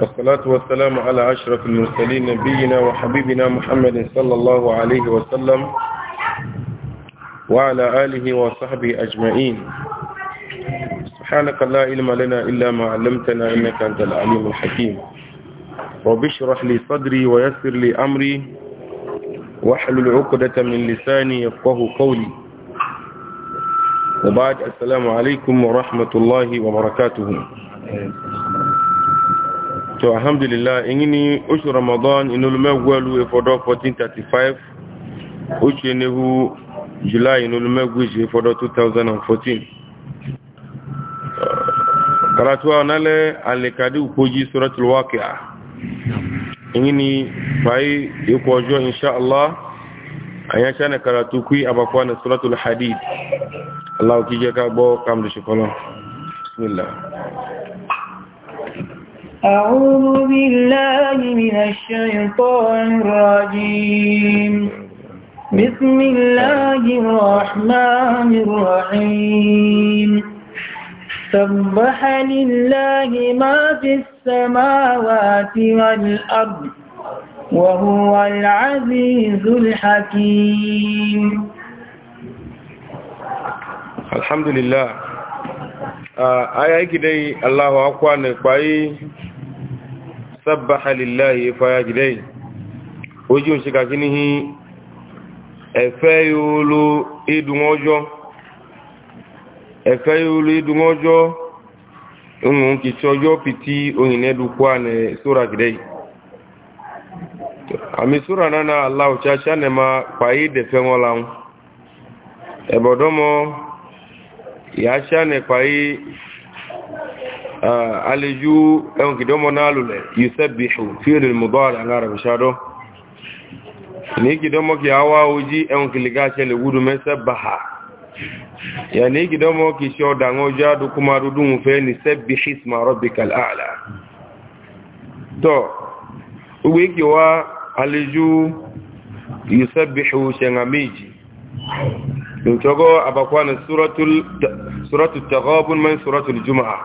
والصلاة والسلام على أشرف المرسلين نبينا وحبيبنا محمد صلى الله عليه وسلم وعلى آله وصحبه أجمعين سبحانك لا علم لنا إلا ما علمتنا إنك أنت العليم الحكيم رب اشرح لي صدري ويسر لي أمري واحلل عقدة من لساني يفقه قولي وبعد السلام عليكم ورحمة الله وبركاته تو الحمد لله إنني أشهر رمضان إنه المول إفضاء 1435 أشهره جولاي إنه المول إفضاء 2014 karatuwa nale alikadi upoji suratul waqi'a ingini bai yuko jo insha Allah ayasha na karatu kui abakwa na suratul hadid aláwọ̀ kí jẹ́ ká gbọ́ kàmìlì بسم الله أعوذ بالله من الشيطان الرجيم بسم الله الرحمن الرحيم سبح لله ما في السماوات والأرض وهو العزيز الحكيم alhamdulillah aya yake dai allahu akwa ne kwayi sabbaha lillahi faya gidai oji o ṣika kí níhi ẹ̀fẹ́ yóò idun ọjọ́ ẹ̀fẹ́ yóò idun ọjọ́ ohun kìtì ọjọ́ pìtì oyin ẹ̀dùkwá ne sóra gidai àmì sóra náà aláwọ̀ ṣáṣá nẹ̀ ma kwayi dẹ̀fẹ́ wọn láwọn ẹ̀bọ̀dọ́mọ́ yàtsá nípa yìí alẹ́jú ẹ̀wọ̀n kìdọ́mọ́ náà lulẹ̀ yìí sẹ́bì fíìlì mọ̀báàlì alára bìṣádọ́ ní kìdọ́mọ́ kì áwá ojí ẹ̀wọ̀n kìlìgá ṣẹlẹ̀ wúdú mẹ́sẹ̀ bàhà yà ní kìdọ́mọ́ kì ṣe ọ̀dàngọ́ já dúkúmá dúdún fẹ́ ní sẹ́bì ṣísmà rọ́bì kàlàálà tọ́ ugbe kì wá alẹ́jú yìí sẹ́bì ṣẹ̀ngà ان تجو ابقوان سوره سوره التغابن من سوره الجمعه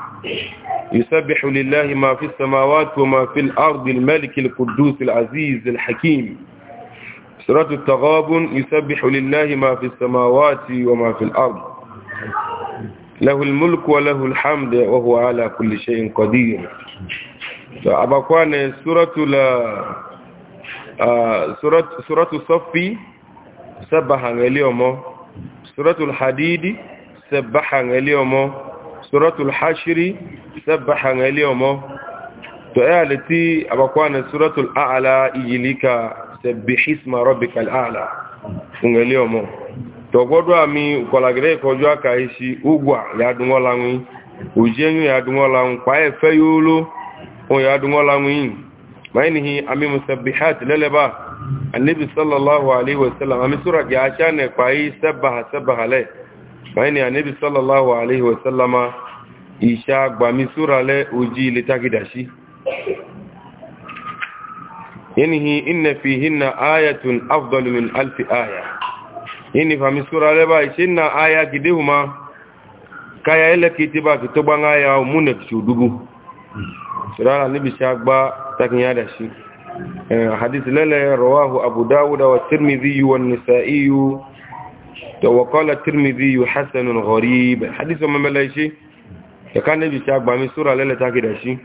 يسبح لله ما في السماوات وما في الارض الملك القدوس العزيز الحكيم سوره التغابن يسبح لله ما في السماوات وما في الارض له الملك وله الحمد وهو على كل شيء قدير ابقوان سوره لا سوره سوره الصف سبحان اليومه suratul hadidi sẹbàá ẹlẹ́ ọmọ suratul hashiri sẹbàá ẹlẹ́ ọmọ to ẹ́ e alẹ́ tí àbàkwá na suratul a'ala iyilika sẹbìhísma rọ́bìkal a'ala fún ẹlẹ́ ọmọ to gbọ́dọ̀ àmì kọlagẹ́rẹ́ ìkọjú aka iṣi ugwa ya dúnwọ́la ń òjíẹ́yún ya dúnwọ́la ń pa ẹ̀fẹ́ yóò ló ya dúnwọ́la ń yìn máyìnìhì àmì musabbihati lẹ́lẹ́bàá annabi sallallahu alaihi wasallam ami sura ga cha ne pai sabaha sabaha le pai ni annabi sallallahu alaihi wasallam isha gba mi sura le oji le takidashi yanhi inna fihinna ayatun afdalu min alf aya yani fa mi sura le ba ishinna aya gidehuma kaya ile kitiba kitobanga ya munne chudugu sura annabi sha gba takinyada shi حديث لا رواه أبو داود والترمذي والنسائي وقال الترمذي حسن غريب حديث ما ملايشي كان نبي شاك بامي سورة لا تاكي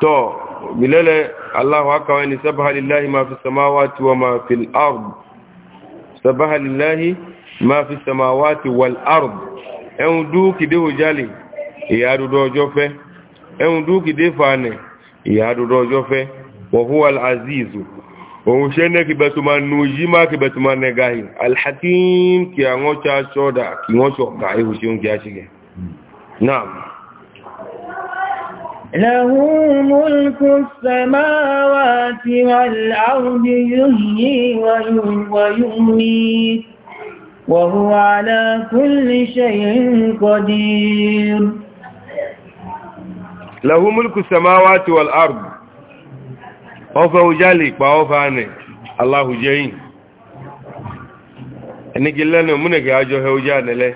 تو بلالا الله أكبر أن سبح لله ما في السماوات وما في الأرض سبح لله ما في السماوات والأرض أن دوك ديو جالي يا دو جو فه أن دوك فاني يا دو جو وهو العزيز ومشينا كبتما نوجيما كبتما نغاهي الحكيم كي انوچا شودا كي انوچو غاي وشيون كياشيغي نعم له ملك السماوات والأرض يهي ويميت وهو على كل شيء قدير له ملك السماوات والأرض ọfẹ́ ojálè ìpa ọfẹ́ anì aláhùjẹ́yìn ẹnigi lẹ́nu múnẹ̀kẹ́ ajọ́fẹ́ ojá nílẹ̀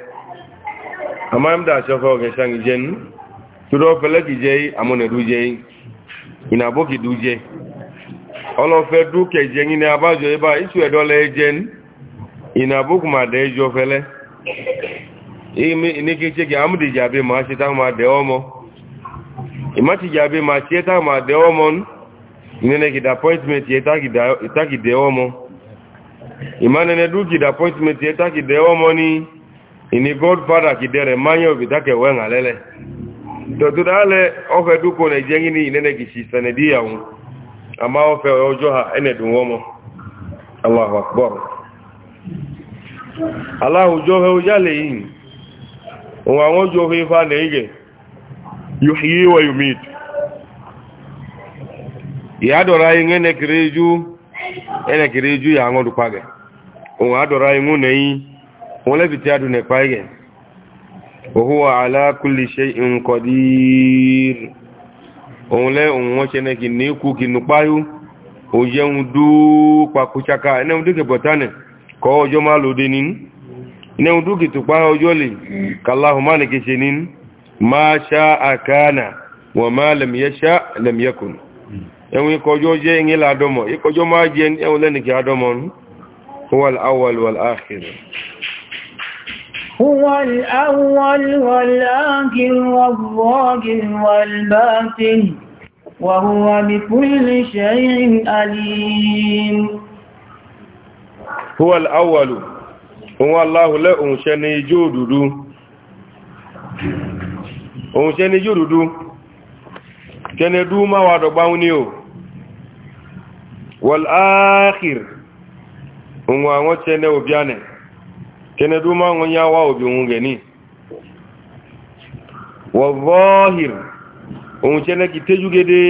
àmáyémdà aṣọ́fẹ́ ọ̀gẹ̀ṣàngì jẹ́nu tóró ọfẹ́lẹ́kì jẹ́ amúnẹ̀dú jẹ́ jẹ́ ní jẹ́ ìnàbókù máa dẹ́ ẹjọ́ fẹ́lẹ́ ṣe ọmọ Inene kida appointment ye takida takide omo imane ne du kida appointment ye takide omo ni ini godfather kidere manyo bitake wenga lele to tudale ofe du ko ne jengini nene kisisa ne dia un ama ofe ojo ha ene du omo Allahu akbar Allah jo ujale yin wa ngojo jo he fa ne ige yuhyi wa yumitu ya dọrọ anyị enekere eju enekere eju ya aṅụrụkwa gị onwe adọrọ anyị nwụ na eyi nwelebite adụ na-ekpa gị ohuwa ala kulishe nkodir onwele onwe chineke na ikwu gị nụkpayu ojenwu dukwakụchaka enewudu gị bọtani ka ọjọ malụ dị nin enewudu gị tụkpa ọjọ li ka allahumani wa ma lam yasha lam yakun ẹ̀wọ̀n ikọjọ́ jẹ́ ìyẹn ládọ́mọ̀ ikọjọ́ máa jẹ́ ẹ̀wọ̀n lẹ́nìkì àdọ́mọ̀ ní wọ́n àwọ̀lwọ̀l áàkìrì هو الأول والآخر والظاهر والباطن وهو بكل شيء عليم هو الأول هو الله لا أنشأني جودد أنشأني جودد كان دوما ودباوني والآخر unwa wace ne obiane kene duma won ya wa obi won geni والظاهر un chene ki tejugede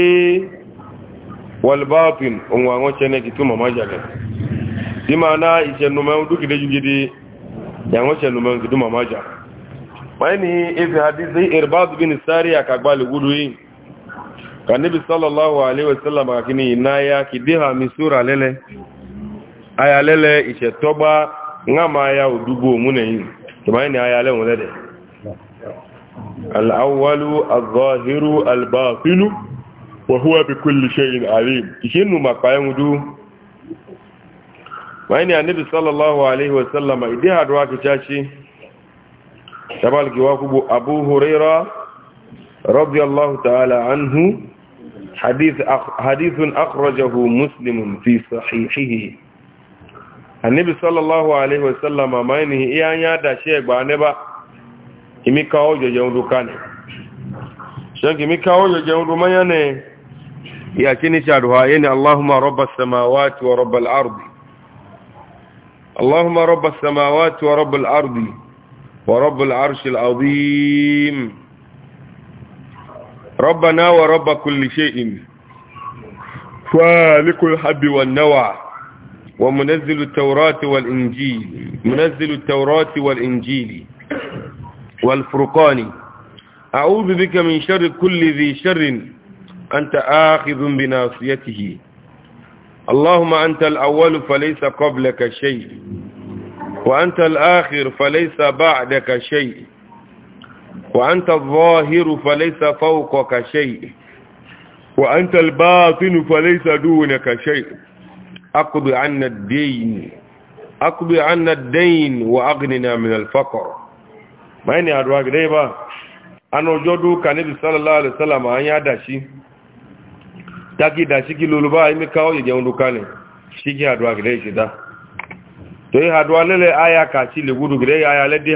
wal ne unwa won chene majale dimana ise numa duki dejugede ya won chene numa ki tuma majale wani ifi hadithi irbad bin sari akagbali gudu yi ka nabi sallallahu alaihi wasallam akini inaya kidiha misura lele aya lele ise toba ngama ya udugo mune tumaini aya lele lele al-awwalu adh-dhahiru al-batinu wa huwa bi kulli shay'in alim kishinu makayangudu maini annabi sallallahu alaihi wasallam idiha duwa kichachi tabal kiwakubu abu hurairah رضي الله تعالى عنه حديث حديث أخرجه مسلم في صحيحه النبي صلى الله عليه وسلم ما إنه إيان يادا شيء بانبا إمي كاو جوجو كان شنك إمي كاو جوجو ما يعني يا كني شادوها يعني اللهم رب السماوات ورب الأرض اللهم رب السماوات ورب الأرض ورب العرش العظيم ربنا ورب كل شيء فالك الحب والنوى ومنزل التوراة والإنجيل منزل التوراة والإنجيل والفرقان أعوذ بك من شر كل ذي شر أنت آخذ بناصيته اللهم أنت الأول فليس قبلك شيء وأنت الآخر فليس بعدك شيء وأنت الظاهر فليس فوقك شيء وأنت الباطن فليس دونك شيء أقض عنا الدين أقض عنا الدين وأغننا من الفقر ما يعني أدواك ديبا أنا جدو كان النبي صلى الله عليه وسلم أن يداشي taki da shi kiluluba imi kawo yi jẹun duka ne shi ki haduwa gida shi da to yi haduwa lele aya ka ci le gudu gida ya ya lede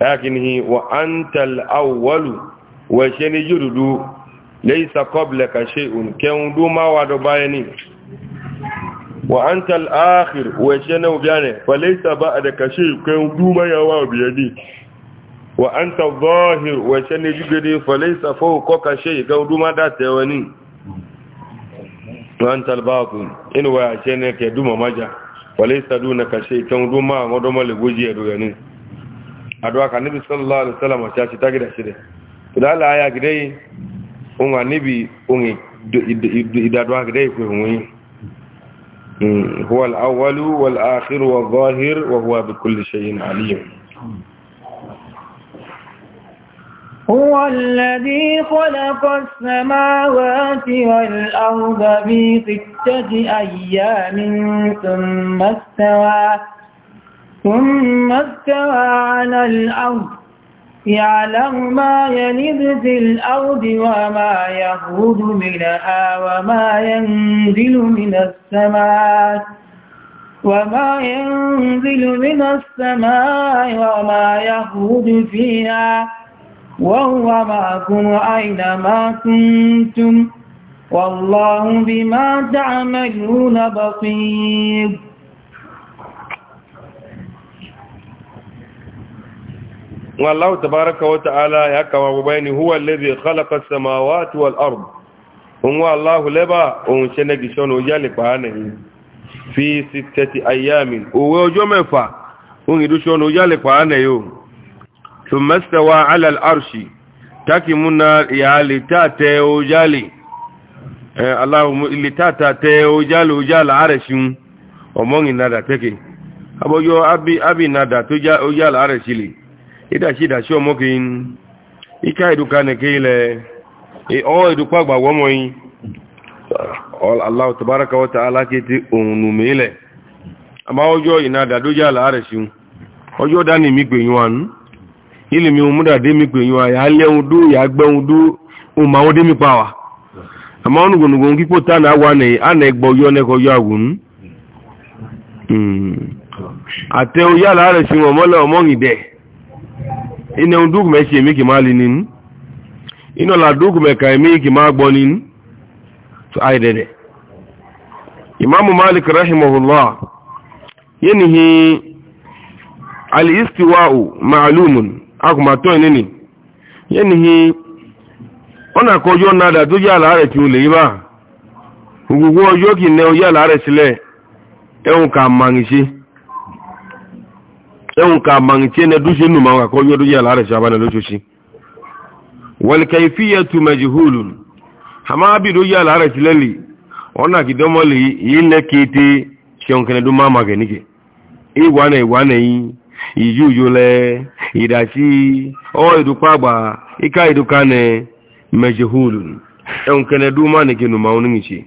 lakinihi wa antal awwalu wa shani jududu laysa qablaka shay'un kan duma wa do bayani wa antal akhir wa shani ubiyane fa laysa ba'daka shay'un kan duma ya wa biyadi wa anta adh wa shani jugudi fa laysa fawqaka shay'un kan duma da wa antal batin wa shani ka duma fa laysa dunaka adu'a ka nabi sallallahu alaihi wasallam ta ci ta gida shi da to da Allah ya gidai un wa nabi un idadu'a gidai ku hun هو الذي خلق السماوات والأرض في أيام ثم استوى ثم استوى على الأرض يعلم ما يلد في الأرض وما يخرج منها وما ينزل من السماء وما ينزل من السماء وما يخرج فيها وهو معكم أينما كنتم والله بما تعملون بصير والله تبارك وتعالى يكوى بين هو الذي خلق السماوات والأرض هو الله لبا ونشنك شون وجالك بانه في ستة أيام ويوجم فا ونجد شون وجالك بانه ثم استوى على الأرش تاكي منا يالي تاتي وجالي اه اللهم اللي تاتي وجالي وجال عرش وموني نادا تكي أبو جو أبي أبي نادا تجال وجال عرش لي ìdàṣídàṣí ọmọ kí n ìká ìdúkà nìkí ilẹ̀ ọ́ ìdúkà gbàgbọ́ mọ́ yí aláwọ̀ tàbárakà wọ́ta alákété òun mẹ́lẹ̀ àmá ọjọ́ ìná àdàdójá ọjọ́ dání mi pè yíwa nú ilẹ̀ mi mú dàdé mi pè oyá láàrẹ̀ sí ine ndug me chi emiki mali nin ino la dug me ka emiki ma gbo to ai dede imam malik rahimahullah yenihi al istiwa'u ma'lumun akuma to nini yenihi ona ko yo nada to ya la re ti o le ba gugu ojo ki ne o ya la re sile ehun ka mangi si yan ka mangce na dushin numa ka koyo ya al'ada shaba na lokaci wal kayfiyatu majhulun hama bi duniya al'ada tilali ona ki domo li yile kiti shion kana ke nike na iwa yi iyuyu le idashi o idupa gba ika iduka ne majhulun yan kana duma ne ke numa ni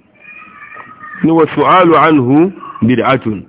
wa su'alu anhu bid'atun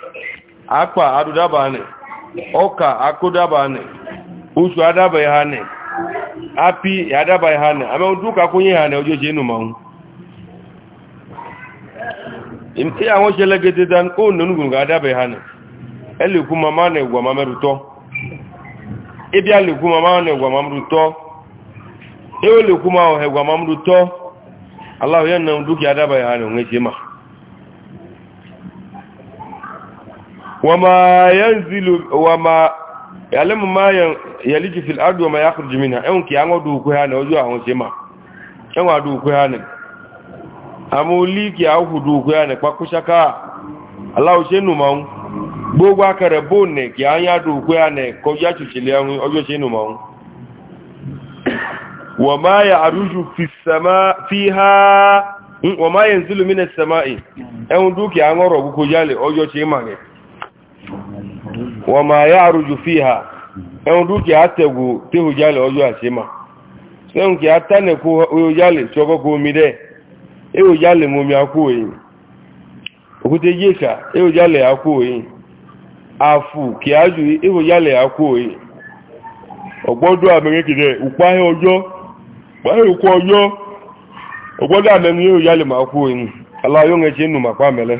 akpa adudaba ne ọka akụdaba usu adaba ha ne api adaba ha ne amewudu ụka kwụnye ha ne ojoji enu manwụ ihe àwọn ṣẹlẹ̀ gẹ́gẹ́ dán ó nínúgùn adaba ha ne ẹlẹ́kú mama na ẹgbà mamẹ́rùtọ́ mama na ma ọ̀hẹ̀gbà na dúkìá ha ma. وما ينزل وما يعلم ما يلج في الارض وما يخرج منها ان كي ان ودو كو هان وزو سيما ان ودو كو هان amuli ki ahudu ko yana kwa kushaka Allah shenu maun gbogbo akere bone ki anya du ko yana ko ya chuchile an ojo shenu maun wa ma ya'ruju fi sama fiha wa ma wama ya aruju fiha ẹun dúkì àtẹ̀gù tí ó ọjọ́ àṣímà sẹ́hùn kì á tánẹ̀kú tí ọkọ́kọ́ omi dẹ́ ẹ̀hùn mọ́mí akó èyí òkúté yíṣà ẹ̀hùn akó èyí àfù kì á jù akó èyí ọ̀gbọ́dọ̀ àmẹ́rẹ́kìdẹ̀ ọjọ́ mọ́ akó èyí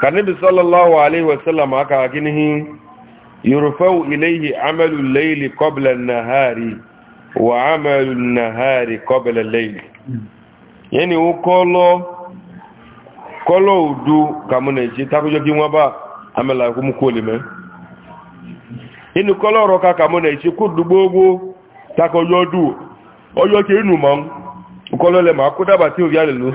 kanibi sallallahu alaihi wasallam aka akinihi yurfau ilayhi amalu layli qabla an-nahari wa amalu an-nahari qabla al-layli yani ukolo kolo udu kamune ji takujo ki won ba amela ku mu kole me inu kolo ro ka kamune ji ku dugbogo takojo du oyo ke inu mo kolo le ma ku daba ti o ya le lo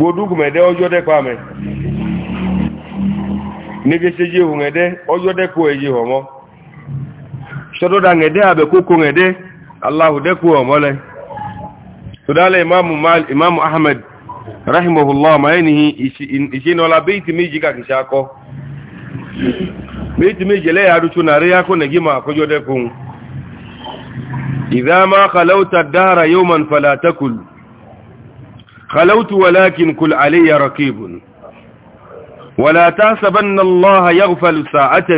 gbodugumede ọjọ́ dẹ́kọ̀ àmẹ́ nígbèsèjì ohun ẹ̀dẹ́ ọjọ́ dẹ́kọ̀ èyí ọmọ ṣọ́dọ́dá ẹ̀dẹ́ àbẹ̀kókò ẹ̀dẹ́ aláhùdẹ́kọ̀ ọmọ lẹ tọ́dálẹ̀ imamu ahmed rahimahullah ma ẹni ìṣẹ́nọ́lá bíìtì méjì kàkìṣà akọ́ bíìtì méjì lẹ́yà arúchú na ríyá kó nẹ̀gí ma àkójọ́ dẹ́kùn ìdá máa kàlẹ́wùtà dára yóò man falatakul خلوت ولكن كل علي رقيب ولا تحسبن الله يغفل ساعة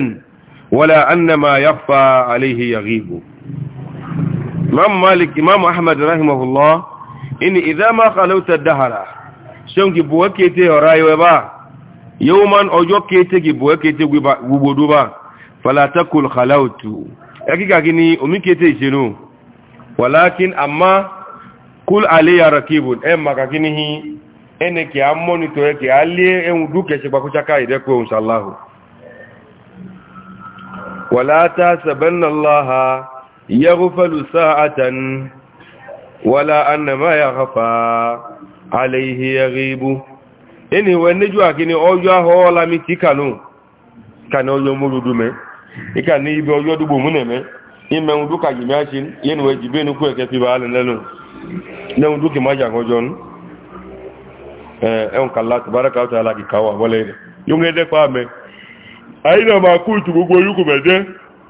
ولا أنما ما عليه يغيب امام مالك امام احمد رحمه الله ان اذا ما خلوت الدهر شونكي بوكيتي رايو با يوما اوجوكيتي بوكيتي غبودو با فلا تقل خلوت اكيكا كني اوميكيتي شنو ولكن اما kul aliya rakibun e maka kini hi ene ki amonito e ki alie en duke se gbakucha kai de ko inshallah wala tasabanna allah yaghfalu sa'atan wala anna ma yaghfa alayhi yaghibu eni wenne ju akini ojo aho la mi ti kanu kan ojo murudu me ikani ibe ojo dugbo muneme ime nduka jimi asin yenu ejibenu ku eke ti ba lenu nẹ́wọ̀n dúkì má jà ọjọ́ nù ẹ̀hùn kàlá tàbárakà ọ̀tà alákìkà wà wọlé rẹ̀ yóò ń ẹ́dẹ́ ma mẹ́ àyínà máa kú ìtù gbogbo orúkù mẹ́jẹ́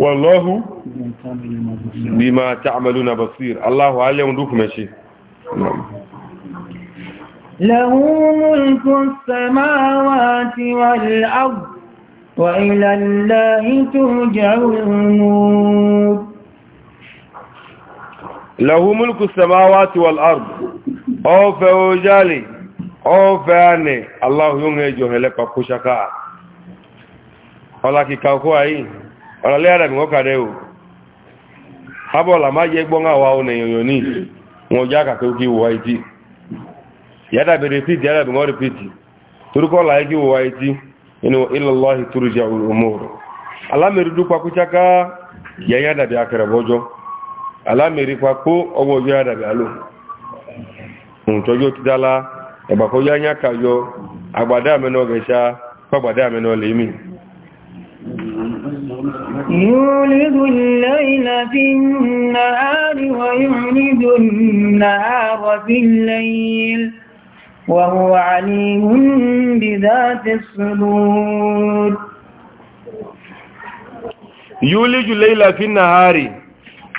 wọ́n na basir aláhù alẹ́hùn dúkù mẹ́ṣe وإلى الله lahu mulku samawati wal ard o fe o jali o fe ane allah yunge jo hele pa kushaka ola ki ka ko ayi ola le ara mi ko kare o habo la ma je gbon awa o ne yoyo ni won ja ka ko ki wo ayi yada be repeat yada be repeat turko la ki wo ayi inu ila allah turja'ul umur ala meridu pa kushaka ya yada be akara bojo alámẹ̀rí pa kó ọwọ́ yóò àdàbẹ̀ alò ǹtọ́jọ́ ti dálá ẹ̀bàkọ́ yányá kàyọ àgbàdá àmẹ́nà ọ̀gẹ̀ṣà pàgbàdá àmẹ́nà ọ̀lẹ́mì يولد الليل في النهار ويولد النهار في الليل وهو عليم بذات الصدور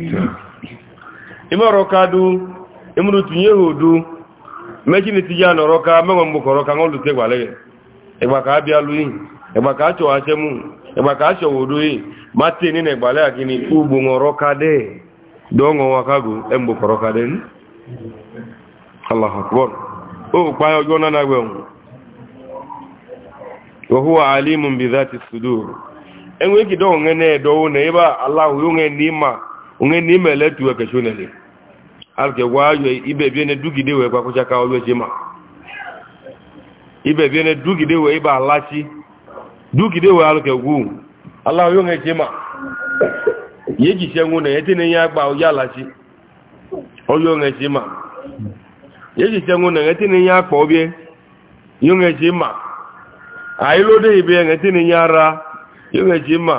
ime imerokadu imrutunye ha udu mechi na etinye ya nọrọ ka menwe mgbakọrọ ka ṅụlute gwara gị ịgba ka a bịalụ iyi ịgba ka a chọwa achemụ ịgba ka a chọwa odu ị ma teni na ịgbara ya gịnị ugbo ṅụrọ ka dee dọọ ṅụwa ka gụ emgbakọrọ ka dee alahakbọr o ya ọjọọ na nagbe nwụ wahuwa alimun bi zati sudur enwe ki dọọ ṅene dọọ na ebe alahụ yonwe n'ima onye na ime eletu ekechonele agwa ayo ibebidugide wee gbakwụchaka ojima ibebie dugide wee ịba alachi dugide wee alụkegwu ala onye onye chima ya ejiche nwu na ete na-enye agba oye alachi onye onye chima ya ejiche nwu na ete na-enye akpa obie onye onye chima anyị lode ibe ya ete na-enye ara onye onye chima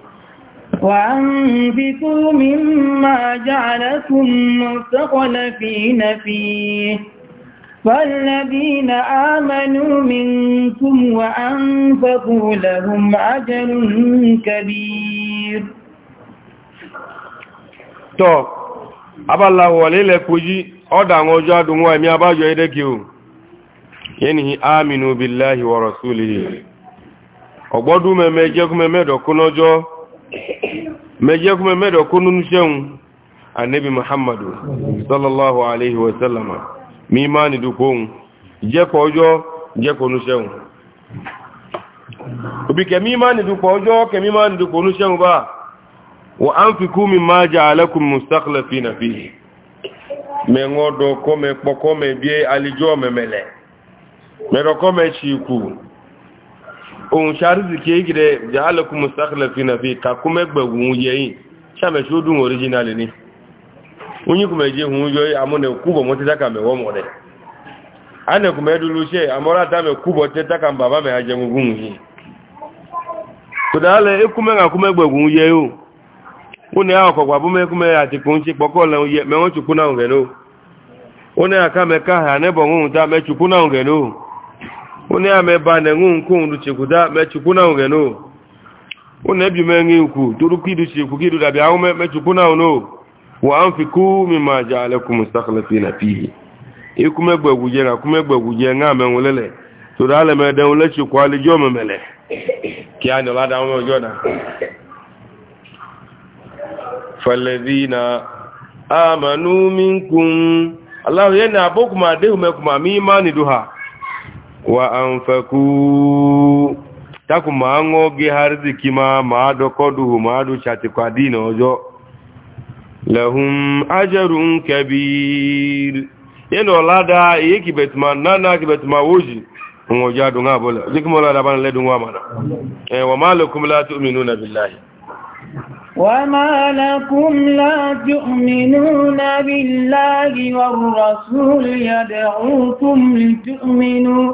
وأنفقوا مما جعلكم مستخلفين فيه فالذين آمنوا منكم وأنفقوا لهم أجر كبير tọ́ abáláwọ̀ lílẹ̀ kojí ọ́dà àwọn ọjọ́ adùnwọ́ ẹ̀mí abájọ ẹdẹ́kì o yẹni àmìnú billahi mẹ́mẹ́ jẹ́kún lọ́jọ́ meje kuma me da kunun shan annabi muhammadu sallallahu alaihi wa sallama mi ma ni dukun je ko ojo je ko nuseun obi ke mi ma ni dukun ojo ke mi ma ni dukun nuseun ba wa anfiku mimma ja'alakum me ngodo ko me poko me bie alijo memele me ro ko me ohun ṣàríṣì kí é gidẹ jàálẹ̀kú mustaqla fi na fi kàkúmẹ́gbẹ̀gùn yẹ̀yìn ṣàmẹ̀ṣó dùn original ni onyinkùnmẹ̀ jẹ́ hun yọ amúnẹ̀ kúbọ̀ mọ́ tẹ́tàkà mẹ́wọ́ mọ́ rẹ̀ anẹ̀kùnmẹ̀ dúró ṣe àmọ́rá dámẹ̀ kúbọ̀ tẹ́tàkà bàbá mẹ́ ajẹgungun yìí kòdàálẹ̀ ekúmẹ́gbẹ̀gùn yẹ o ó ní àwọn ọ̀kọ̀gbà búmẹ́kúmẹ́ àtìkùn ṣe pọ̀kọ́ lẹ́wọ́n chukwu náà gẹ̀ẹ́ onye a meba na-enwe nkwonru chekwuda mechukwu na nwere no ụnụ ebi menwe ukwu torukwu iruchekwu gị rudabịa ahụ mechukwu na no wa mfiku mima ja alekum mustakhlafi na fihi ikumegbegwuje na kumegbegbuje nga menwelele toro alemede nwele chukwu aliji omemele kí a nọ ládàá wọn ọjọ́ náà fẹ̀lẹ̀dínà àmànú mínkùn aláwòyẹ́ ni àbókùnmà déhùnmẹ́kùnmà mí má nìdó ha wa anfaku taku ma ngoge harziki ma ma do kodu ma do chati kwa dini ojo lahum ajrun kabir yeno lada yiki betma nana ki betma woji ngoja do ngabo la jiki mo وما لكم لا تؤمنون بالله والرسول يدعوكم لتؤمنوا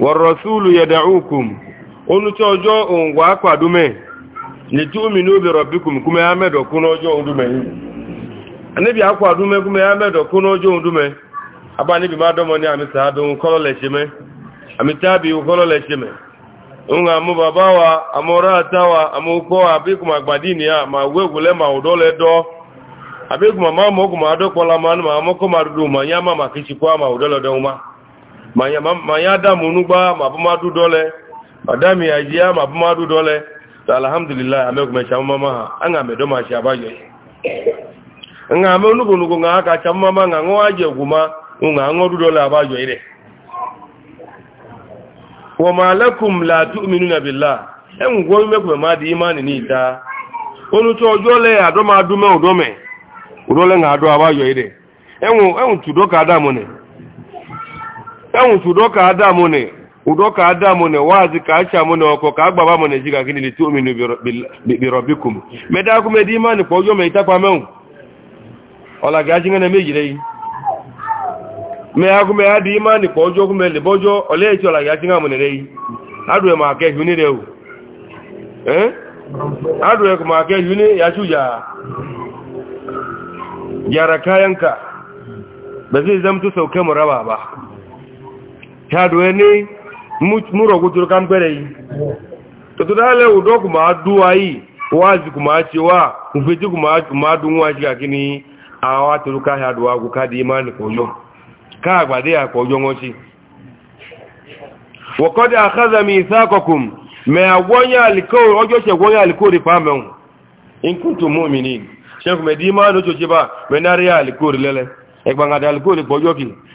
warasulu yad'ukum onu ti ojo on wa kwadume ni tu'minu bi rabbikum kuma ya medo kuno ojo ondume anabi akwadume kuma ya medo kuno ojo ondume aba ni bi madomo ni ami saadu kolo lechime ami tabi unga mu amora tawa amuko abikum agbadini ya ma wegule ma odole mama mo kuma adokola man ma amoko marudu ma nyama makichi kwa ma manya adamu nugba ma bụmadụ dole madami ya ji ya ma bụmadụ dole ta alhamdulillah amekumecha mmama ha a ga medomachi abayo nga ame onugbonugo nga akacha mmama nga ṅụọ aji egwu nga ṅụrụ dole abayo ire wama alakum la tu'minuna billah en gwo me ko ma di imani ni ta onu to jole udole nga adu abayo ire enwu enwu tudo ka adamu ne tanwụ tu ụdọ ka ada mụ ne ụdọ ka ada mụ ne waazi ka acha mụ ne ọkọ ka agbaba mụ ne jiga gịnị lite ominu birobikum mede akụmede ime anị kpọjọ ma ịtakwa menwụ ọla gị ajị ngana mejire yi me akụme ya dị ime anị kayanka ba zai zamto sauke mu raba ba ṣàdù ẹni múrọ̀ kó tóró kánpẹ́rẹ̀ yìí tọ̀tọ̀dálẹ̀ òdọ́ kò máa dú ayì wáàzì kò máa ṣe wá òfètí kò máa dún wáṣí àkí ní àwọn àtòrò káṣàdù agò káàdì imáni kọjọ́ káàgbàdé àkọjọ́ wọn ṣe wọ̀kọ́dẹ̀ àkázàmì ìsákọkùn mẹ́ àgbọ́nyà àlìkó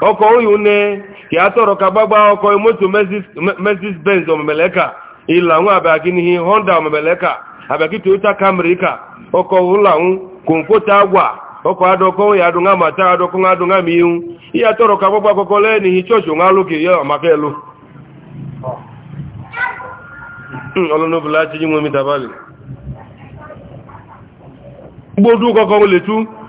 ọkọ̀ oyi une kì á tọrọ ka gbagba ọkọ̀ moto mercedes benz ọmọmẹlẹ́ka ìlànà àbẹ̀kínihì honda ọmọmẹlẹ́ka àbẹ̀kí toyota camry ka ọkọ̀ òlànà kòǹkóta wà ọkọ̀ adọ́kọ̀ oyi adùnà màtá adọ́kọ̀ adùnà mìíràn ìyá tọrọ ka gbagba kọ́kọ́ lẹ́nìí chọ́ọ̀chì òun alókè yẹ ọ̀màkẹ́ ló hmm, ọlọ́nà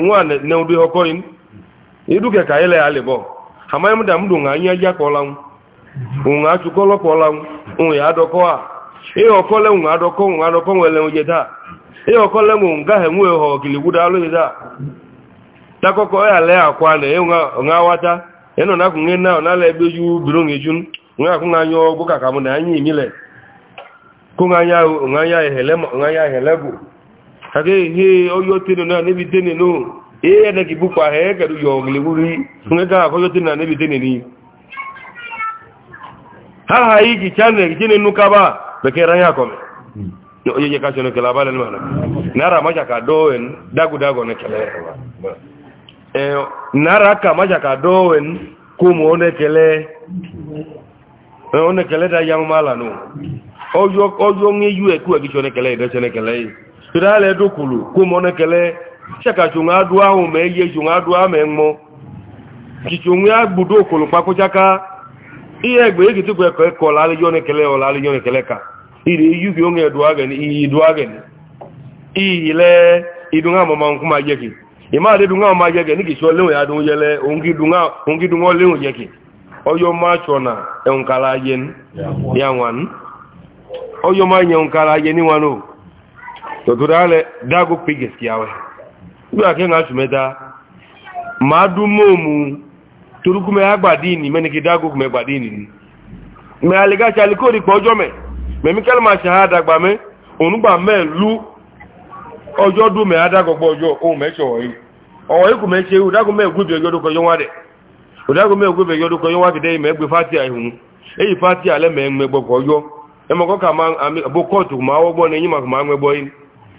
nwa ne ụdị ọkọin iduke ka ile alibọ lịbọ amaghị m da m dụ nga anya ya kpọlanwụ ụnwa achụkọlọ kpọlanwụ ụnwa ya adọkọ a ihe ọkọle nwa adọkọ nwa adọkọ nwele nwe jeda ihe ọkọle nwe ngaghị nwe ha ọgili gwudo alụ taa takọkọ ya e lee akwa na nga wata ịnọ na akwụ nge na ọ nala ebe ju biro nge ju nwa akwụ nga anya ọgwụ ka ka m na anya imile kụ nga anya ehele bụ hage he oyotino na nebi deni no e ene ki bupa he ga du yo ngli buri nga ga ko yotino na nebi deni ni ha ha igi chane gi ne nuka ba be ke ranya ko me yo yo ka chono ke la bala ni mana nara maja ka doen dagu dago ne kele ba e nara ka maja ka doen kumu one kele e, one kele da yang mala no oyo oyo ngi yue ku gi chone kele da chone kele sirale dukulu kumone kele chaka chunga adu awu me ye chunga adu ame mo kichunga agbudo okulu pako chaka iye egbe ihe tukwe ko ko la kele o la yo kele ka ire yu bi onge adu agen i i idunga mama nkuma yeki ima de dunga mama yeki ni kicho lewo ya dun yele ongi dunga ongi dunga lewo yeki oyo ma na e yen ya wan oyo ma nyen onkala yen wanu tọ̀tọ̀rọ̀ alẹ́ dágó pé gẹ̀ẹ́sì àwẹ̀ nígbà kí ẹ̀ngà ṣùmẹ́ta máa dún torúkúmẹ́ agbàdínì mẹ́nìkì dágó gbàdínì ni mẹ́ alẹ́gáṣẹ́ alikóòdì pọ̀ ọjọ́ mẹ́ mẹ́mí kẹ́lẹ́ máa ṣe àádàgbà mẹ́ ònúgbà mẹ́ ọjọ́ dún mẹ́ ọjọ́ mẹ́ ṣe òdágó mẹ́ ògbébì ọjọ́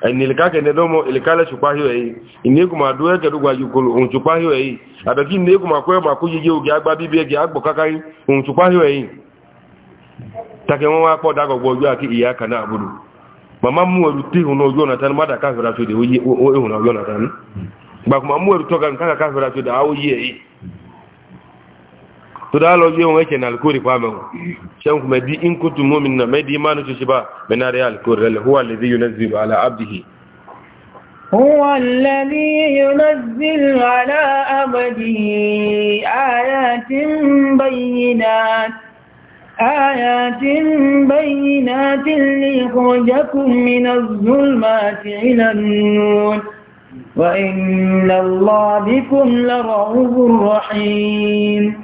enilika kene domo ilikale chukwahiyo ei ineku maduwe kedu kwa yukulu unchukwahiyo ei abeki ineku makwe makujiji ugi agba bibi egi agbo kakai unchukwahiyo ei take wọn wá pọ̀ kwa ojú àti ìyá kaná àbúrú màmá mú ẹrù tí ìhùn ojú ọ̀nà tánú mádà káfẹ́ra fèdè ìhùn ojú ọ̀nà tánú gbàkùnmá mú ẹrù tọ́ka nǹkan káfẹ́ra fèdè àwọn oyé ẹ̀yìn tuda lo bi won ke na alkuri kwa mu shan kuma di in kuntum mu'minna mai di imanu ci ba bana da alkuri la huwa alladhi yunzilu ala abdihi huwa alladhi yunzilu ala abdihi ayatin bayyinat آيات بينات ليخرجكم من الظلمات إلى النور وإن الله بكم لرؤوف رحيم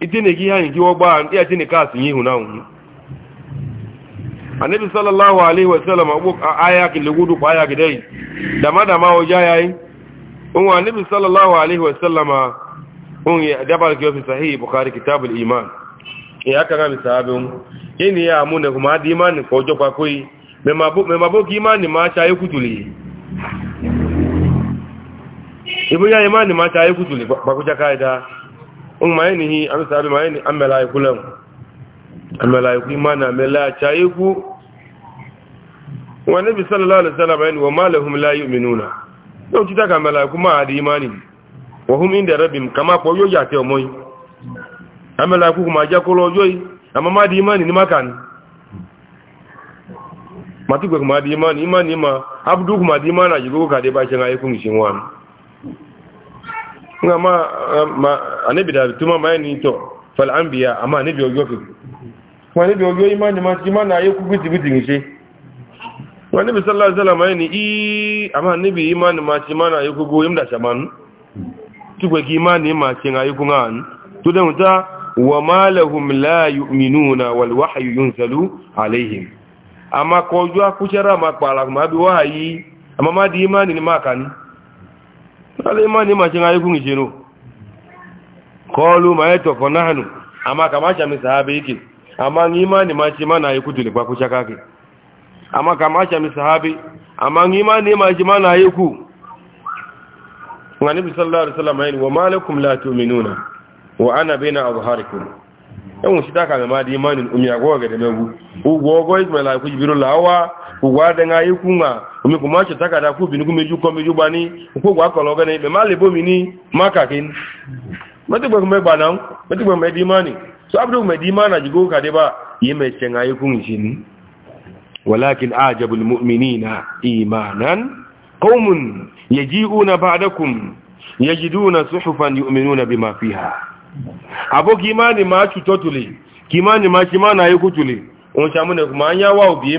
itine gi hani ki wogba ya tini kasi yi huna hun annabi sallallahu alaihi wasallam abu aya ki lugudu ko aya ki dai dama dama o ja yayi un annabi sallallahu alaihi wasallama un ya dabal ki fi sahih bukhari kitab al iman ya aka ga sahabin ini ya amune kuma di iman ko jo kwa koi me mabu me mabu ki iman ma sha yi kutuli ibu ya iman ma sha yi kutuli ba ku ja kaida umayini hi amsabi mayini amela ikulam amela ikuma na amela chaiku wa nabi sallallahu alaihi wasallam ayini wa ma lahum la yu'minuna don kita ka amela ikuma adi imani wa hum inda rabbim kama po yo ya te omoyi amela ikuma ja ko lojo yi ama ma di imani ni makan matigwe kuma di imani imani ma abdu kuma di imani ajigo ka de ba chenga ikun shinwan nga ma anabi da tuma ma ni to fal anbiya amma anabi ojo ke ma anabi ojo imani ma ti ma na ye ku biti biti ni se wa anabi sallallahu alaihi wasallam ni i amma anabi imani ma ti ma na ye ku go imda shaman ti ko ki imani ma ti nga ye ku ngan to de muta wa ma lahum la yu'minuna wal wahyu yunzalu alaihim amma ko jo ku ma kpala ma bi wahyi amma ma di imani ni ma kan ala imani ma cin ayyukun ijeno kọlu ma yato ko nahanu amma kama sha mi sahabi yake amma ni imani ma ci mana ayyuku dole ba ku shaka ke amma kama sha mi sahabi amma ni imani ma ci mana ayyuku ngani bi sallallahu alaihi wasallam ayin wa malakum ana baina azharikum yan shi daka ma di imanin umya goga da megu ugo gogo ismaila omi kò máa ṣètàkàdà kú bìnúkú méjú kọ́ méjú gba ní òkúgbà kọ̀lọ̀ ọ̀gẹ́ni ibẹ̀ má lè bómi ní mákàkí ní mẹ́tẹ̀gbẹ̀kùn mẹ́gbà náà mẹ́tẹ̀gbẹ̀kùn mẹ́dí máa nì so abdul mẹ́dí máa nà jùgbó kàdé bá yìí mẹ́ṣẹ̀ ayékún ìṣe ní wàlákin ajabul mu'minina imanan yaji'una ba'dakum yajiduna suhufan bima fiha aboki imani ma chutotule kimani ma kimana ayekutule on chamune kuma anyawa obi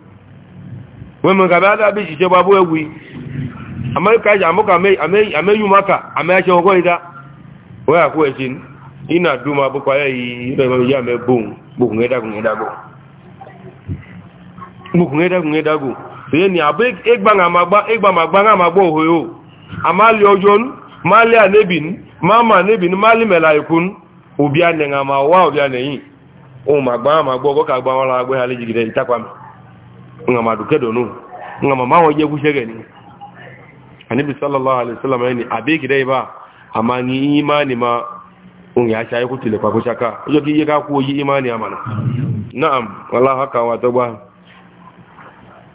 wọ́n kàbí adábí ìṣiṣẹ́ babú ẹwù amẹ́ríkàjá amẹ́yùmáka amẹ́ṣẹ́ ọgọ́ ìdá wọ́n àkó ẹ̀ṣẹ́ iná dúnmà púpọ̀ ayẹ́ yìí ilẹ̀ ìmọ̀ ìyá mẹ́ bóun gbogbo ẹ̀dàgùn ẹ̀dàgùn ṣe ni àbẹ́ ìgbàmàgbàmàgbọ́ òhòhò àmàlẹ́ ọjọ́ màlẹ́ ànẹ́bìn máàmà ànẹ́bìn màlẹ́ mẹ́lá ìkún òbí ànẹ̀ngàmà wá òbí ànẹ̀yìn ohun àgbàmàgbọ́ ọgọ́kà àgbàmàlà agbẹ́hálẹ́ jìgìdẹ̀ ìtàkwàmì nga ma duke donu nga ma mawo je gushe gani annabi sallallahu alaihi wasallam yani abe gidai ba amma ni imani ma un ya shayi ku tile ko shaka yo ki ka ku yi imani amana na'am wallahi haka wa tauba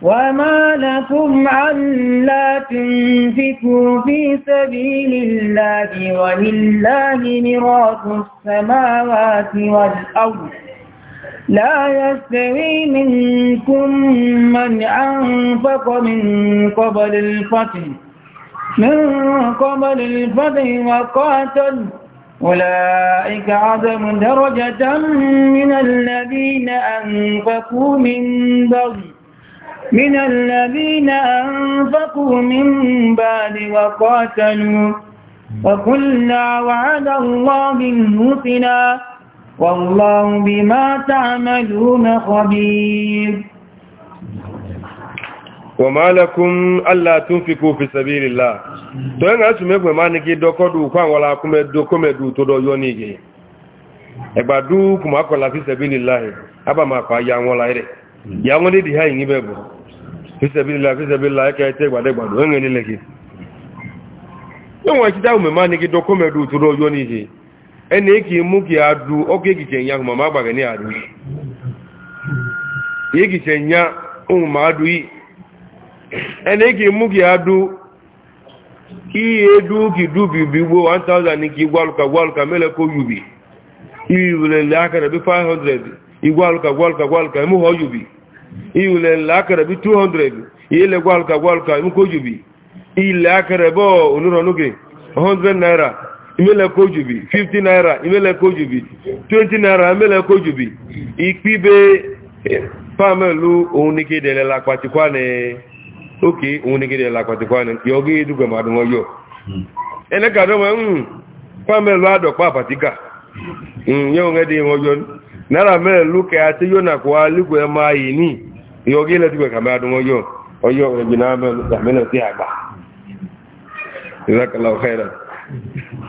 وما لكم علا تنفكوا في سبيل الله ولله ميراث السماوات والأرض لا يستوي منكم من أنفق من قبل الفتح من قبل الفتح وقاتل أولئك عظم درجة من الذين أنفقوا من بعد من الذين أنفقوا من بعد وقاتلوا وكلا وعد الله الحسنى والله بما تعملون خبير وما لكم الا تنفقوا في سبيل الله to en asu megbe ma ni ki to do yo ni ge la ma ya won la ya won di ha yin fi sabilillah fi sabilillah ke te gbade gbadu ẹni kì í mú kí a du ọkọ̀ èkìtì ẹ̀yà ọmọ máa gbàgbẹ̀ ní àdú èkìtì ẹ̀yà ohun máa du yìí ẹni kì mú kí a du kí iye du kì du bìbì gbó 1000 ní kí gbálùkà gbálùkà mẹ́lẹ̀ kó yùbì ìrìnlẹ̀ bí 500 ìgbálùkà gbálùkà gbálùkà mú họ ìrìnlẹ̀ bí 200 ìyẹ́lẹ̀ mú kó ilẹ̀ naira imele kojubi 50 naira imele kojubi 20 naira imele kojubi ikpibe pamelu ohun ni ni ohun ni kéde lẹ́la pàtíkwá ni kí ọgé dùgbẹ̀mọ̀ àdùn ọyọ́ ẹnẹ́kàdọ́mọ̀ ń pamelu àdọ̀pá àpàtíkà yóò ń ẹ́dẹ̀ ọyọ́ náírà mẹ́rẹ̀ lókè àti yónà kó alígbẹ̀ ẹmọ ayé ní ìyọgé lẹ́tùgbẹ̀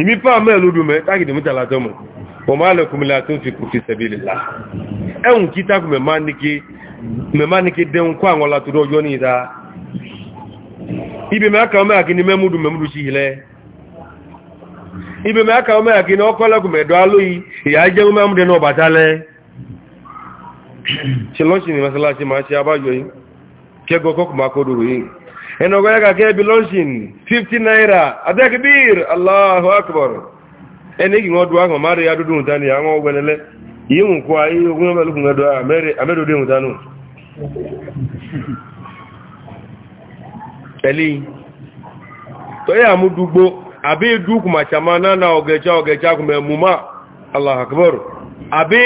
ìmí pa mẹ́rin lódú mẹ́ tágìdì mú tàlátọ́ mọ̀ wọ́n máa lẹ́kùn mílá tó ń fi kò fi sẹ̀bí lè láà ẹ̀hùn kí tákù mẹ́má ní kí dẹun kó àwọn látọ̀dọ̀ ọjọ́ ní ìta ibi mẹ́ka mẹ́ra kí ni mẹ́múdù mẹ́múdù sí ilẹ̀ ibi mẹ́ka mẹ́ra kí ni ọkọ́ lẹ́kùn mẹ́dọ́ alóyí ìyá jẹ́ mẹ́múdù náà bàtà lẹ́ ṣe lọ́ṣìn ní mẹ́sàlá ẹnu ọgbẹ́ kàkẹ́ bí lọ́ṣìn 50 naira adẹ́kìbíir aláhù akbar ẹni kí wọ́n dùwà kan máa rí adúdú ìta ni àwọn ọgbẹ̀lẹ́lẹ́ yíwùn kọ́ ayé ogun ọmọlúkùn ẹ̀dọ́ amẹ́dọ̀dé ìta nù pẹ̀lú tọ́yà àmúdúgbò àbí dúkùmàṣàmá náà ọgẹ̀chá ọgẹ̀chá kùmẹ̀ akbar àbí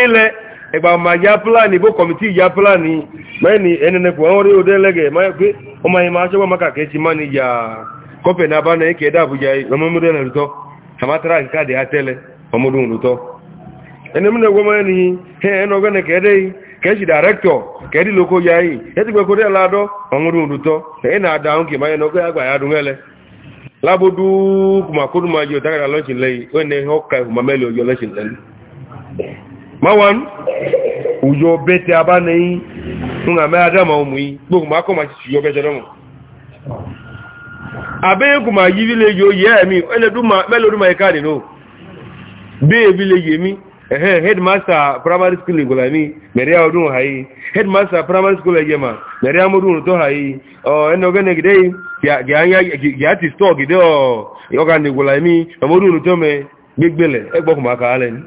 ẹgbà ọmọ ya pílánì bó kọmìtì ya pílánì mẹ́ni ẹnẹnẹkù àwọn orí odé lẹ́gẹ̀ pé ọmọ yìí máa ṣọ́gbọ́ makàkẹ́ ti máa ní ya kọfẹ̀ náà bá náà kẹ́ẹ̀dá àbújá ọmọmọdé náà lùtọ́ àmátàrà àkíkàdé àtẹ́lẹ̀ ọmọdún lùtọ́ dàrẹ́kítọ̀ kẹ́ẹ̀dì lóko ya yìí ẹ́tì pẹ̀kọ́ ládọ́ ọmọdún òdútọ́ ẹ̀yìn àdáhùn kìí máa yẹn ma àgbà yàdùn ẹlẹ́ lábòdú kùmàkúrùmà yóò tágàdà lọ́ṣìn ó ní ọkà ìhùmàmẹ́lì ọjọ́ lọ́ṣìn mawan uyo bete abana yi nga me adama omu yi gbogbo ma ko ma ti bete abe ma yi vile yo ye mi ele du ma melo du ma nọ. no be vile ye mi eh headmaster primary school gola mi mere ya odun yi headmaster primary school ye ma mere to o eno gene gide ya ya ya ti store gide o yo ni mi to me ma ka ale ni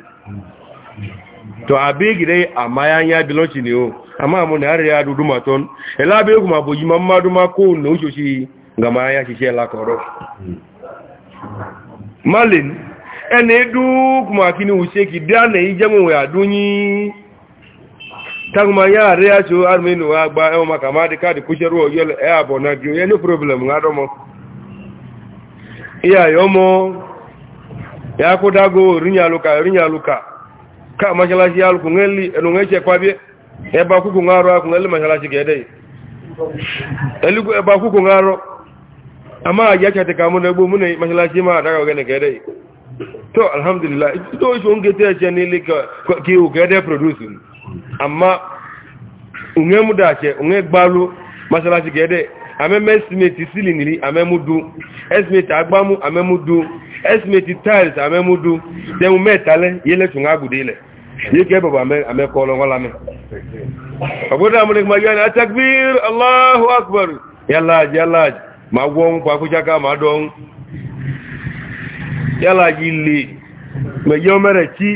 to abegi dai amma ya biloci ne o amma mu na ya dudu maton ela be kuma bo yima madu ma ko no joshi ga ma ya shi la koro malin ene du kuma kini use ki da ya dunyi tagma ya ya so armenu wa gba e ma kama de ka o yele e abona gi o problem ngado mo iya yomo ya kudago dago rinya luka rinya luka ka mashalashi ya ku ngeli enu ngeke kwabe e ba ku ku ngaro ku ngeli mashalashi ke dai eliku e ba ku ku ngaro amma ya ta ta kamu na bu mun ma daga ga ne to alhamdulillah to shi on gete ce ne li ka ki u ga dai producing amma unge mu da ce unge gbalu mashalashi ke ame mesmate silin ame mudu esmate agbamu ame mudu esimeti tiles amemudu tẹmu mẹtalẹ yẹlẹ tún agude ilẹ yìí kẹ bàbá amẹkọ ọlọwọlá mi. ọ̀gbọ́dọ̀ amúnikẹ́ máa yọ ni atakbir aláhu akbar yálàjì yálàjì máa wọ́ ń pa kújáká máa dọ́ ń yálàjì lè mẹ̀yẹ́ mẹ́rẹ̀ tí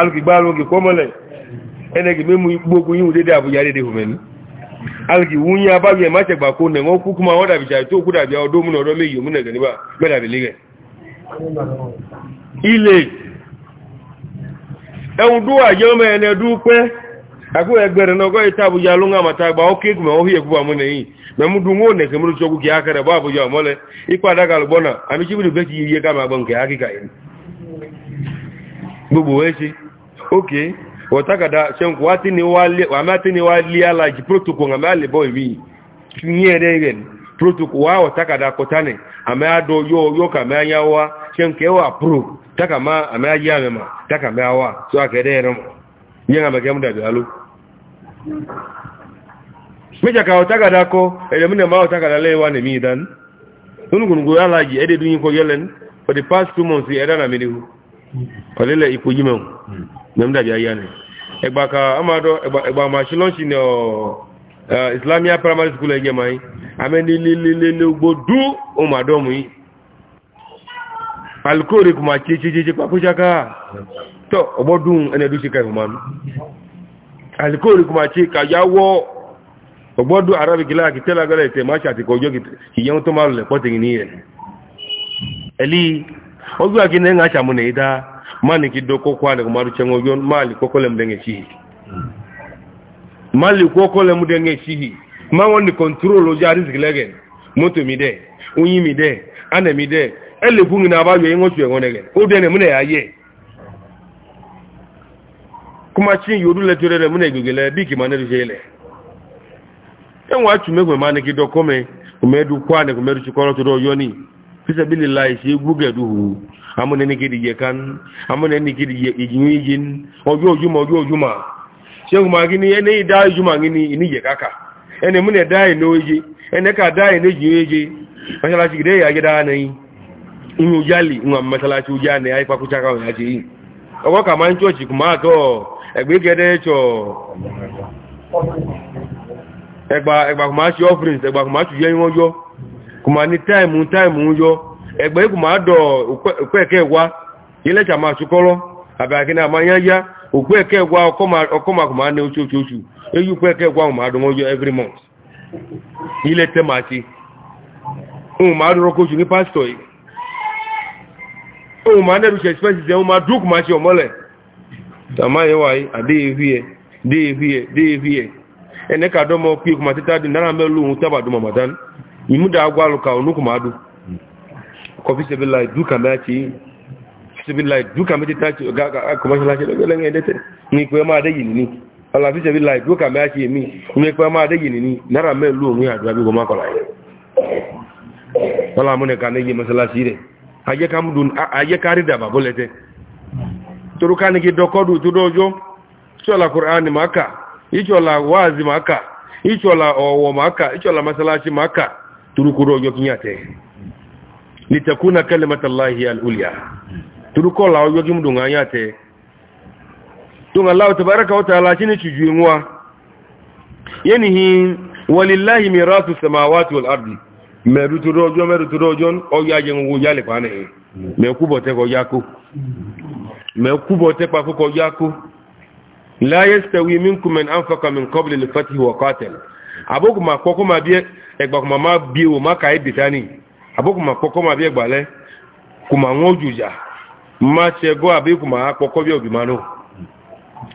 alùkìgbà alùkì kọ́mọ́lẹ̀ ẹnẹ́gì mímú wúnyí abáwẹ̀ máṣẹ̀gbà kó nẹ̀ kúkú máa wọ́n dàbí ṣàìtó kú dàbí ọdún múnà ọdún méjì òmúnà gẹ̀ níbà ilé ẹ̀hùn dúwà jẹ́ ọmọ ẹ̀nẹ̀ dúpẹ́ àkó ẹgbẹ̀rẹ̀ náà gọ́ ìta àbújá ló ń àmàta àgbà ó kéèkù mẹ́wọ́n fi ẹ̀kú àmúnẹ̀ yìí mẹ́múdú wọn nẹ̀kẹ́ mú sọ́kú kí ákẹrẹ bá àbújá ọmọlẹ̀ ipa àdága lùgbọ́nà àmì tí bìrì fẹ́kì iye ká máa gbọ́n kẹ́ ákíkà yìí gbogbo protocol wa wa takada kotane ame ado yo yo ka me anya wa chenke wa pro taka ma ame aji ame ma taka me wa so akede no yenga me kemu da bialu meja ka takada ko ele mune ma takada le wa ne mi dan tunugun go ala ji ede dunyi ko yelen for the past two months era na minihu kolele ipo jime mu hmm. nem da bi ayane egba ka amado egba egba ma shi lunch o Eh, islamia primary school ẹgbẹ́ ma yìí amẹ́ni lélelele gbódú ohun àdọ́mù yìí alkóòrè kò máa ṣe ṣe ṣe pàkóṣáká tọ́ ọgbọ́dún ẹnẹ́dú ṣe ká ìhùnmánú alkóòrè kò máa ṣe kàyáwọ́ ọgbọ́dún arábìkìlá àti tẹ́lágọ́lẹ̀ ìtẹ̀ máa ṣàtìkọ ọjọ́ ìyẹn tó máa lẹ̀ pọ́tìrì ní ẹ̀ ẹ̀lí ọgbẹ́ àkínní ẹ̀ ń aṣàmúnẹ̀ mali kwo kole mu denge chihi ma won ni control o jari moto mi de unyi mi ane mi ele kungi na ba yo ngo chwe ngone gen o de ne mune aye kuma chin yodu le tore ne mune gugele bi ki maneru jele en wa chu megwe yoni fisabilillahi shi gugedu amune ni kidi yekan amune kidi shehu magini ene ida ju magini ini ye kaka ene mune dai no ye ene ka dai no ye ye masala ti gide ya gida na yi inu jali nwa masala ti uja ne ai pa ku chaka ya ji owo ka man church kuma to egbe gede cho egba egba kuma si offerings egba kuma ti yen wojo kuma òkú ẹ̀kẹ́ ẹ̀gbà ọkọ́màkù máa ní oṣooṣù eyú pẹ́ ẹ̀kẹ́ ẹ̀gbà ọmọ àdùn ọjọ́ every month ilẹ̀ tẹ́ máa ti ohun máa dúró kóṣù ní pásítọ̀ yìí ohun máa nẹ́rù expenses ẹ̀ ohun máa dúkù máa ṣe ọmọlẹ̀ tàmá yẹn wáyé àdéhìhìyẹ déhìhìyẹ déhìhìyẹ ẹnẹ́ kàdọ́mọ pí okùnmá títà dín náírà mẹ́lú ohun tábàdùn mọ̀mọ̀dán ìmúdà agbálùkà onúkùnmá dùn kọfí sẹ́bẹ̀lá ìdúkà bisimillah duka mi tati ga ga ko ma la ci do le ngay dete ni ko ma de yini ni ala bisimillah duka mi ati mi ni ko ma de yini ni na ra me lu mu ya dua bi ko ma ko la wala mo ne ka ne yi masala si de aje kam dun aje kari da ba bolete turu kan gi do ko du du dojo so la qur'an ni maka icho la wazi maka icho la owo maka icho la masala si maka turu ku dojo kinyate litakuna kalimatallahi al-ulya turuko la oyo gimu dunga yate dunga Allah tabaraka wa taala chini chujuinwa yani hi walillahi mirasu samawati wal ardi meru turojo meru turojo oyo aje ngu yale pane me kubote ko yako me kubote pa ko yako la yastawi minkum man anfaqa min qabli al-fath wa qatal abokuma kokoma bi egbakuma ma bi o ma kai bitani abokuma kokoma bi egbale kuma ngojuja ma ce go abi kuma akpo ko bi obi manu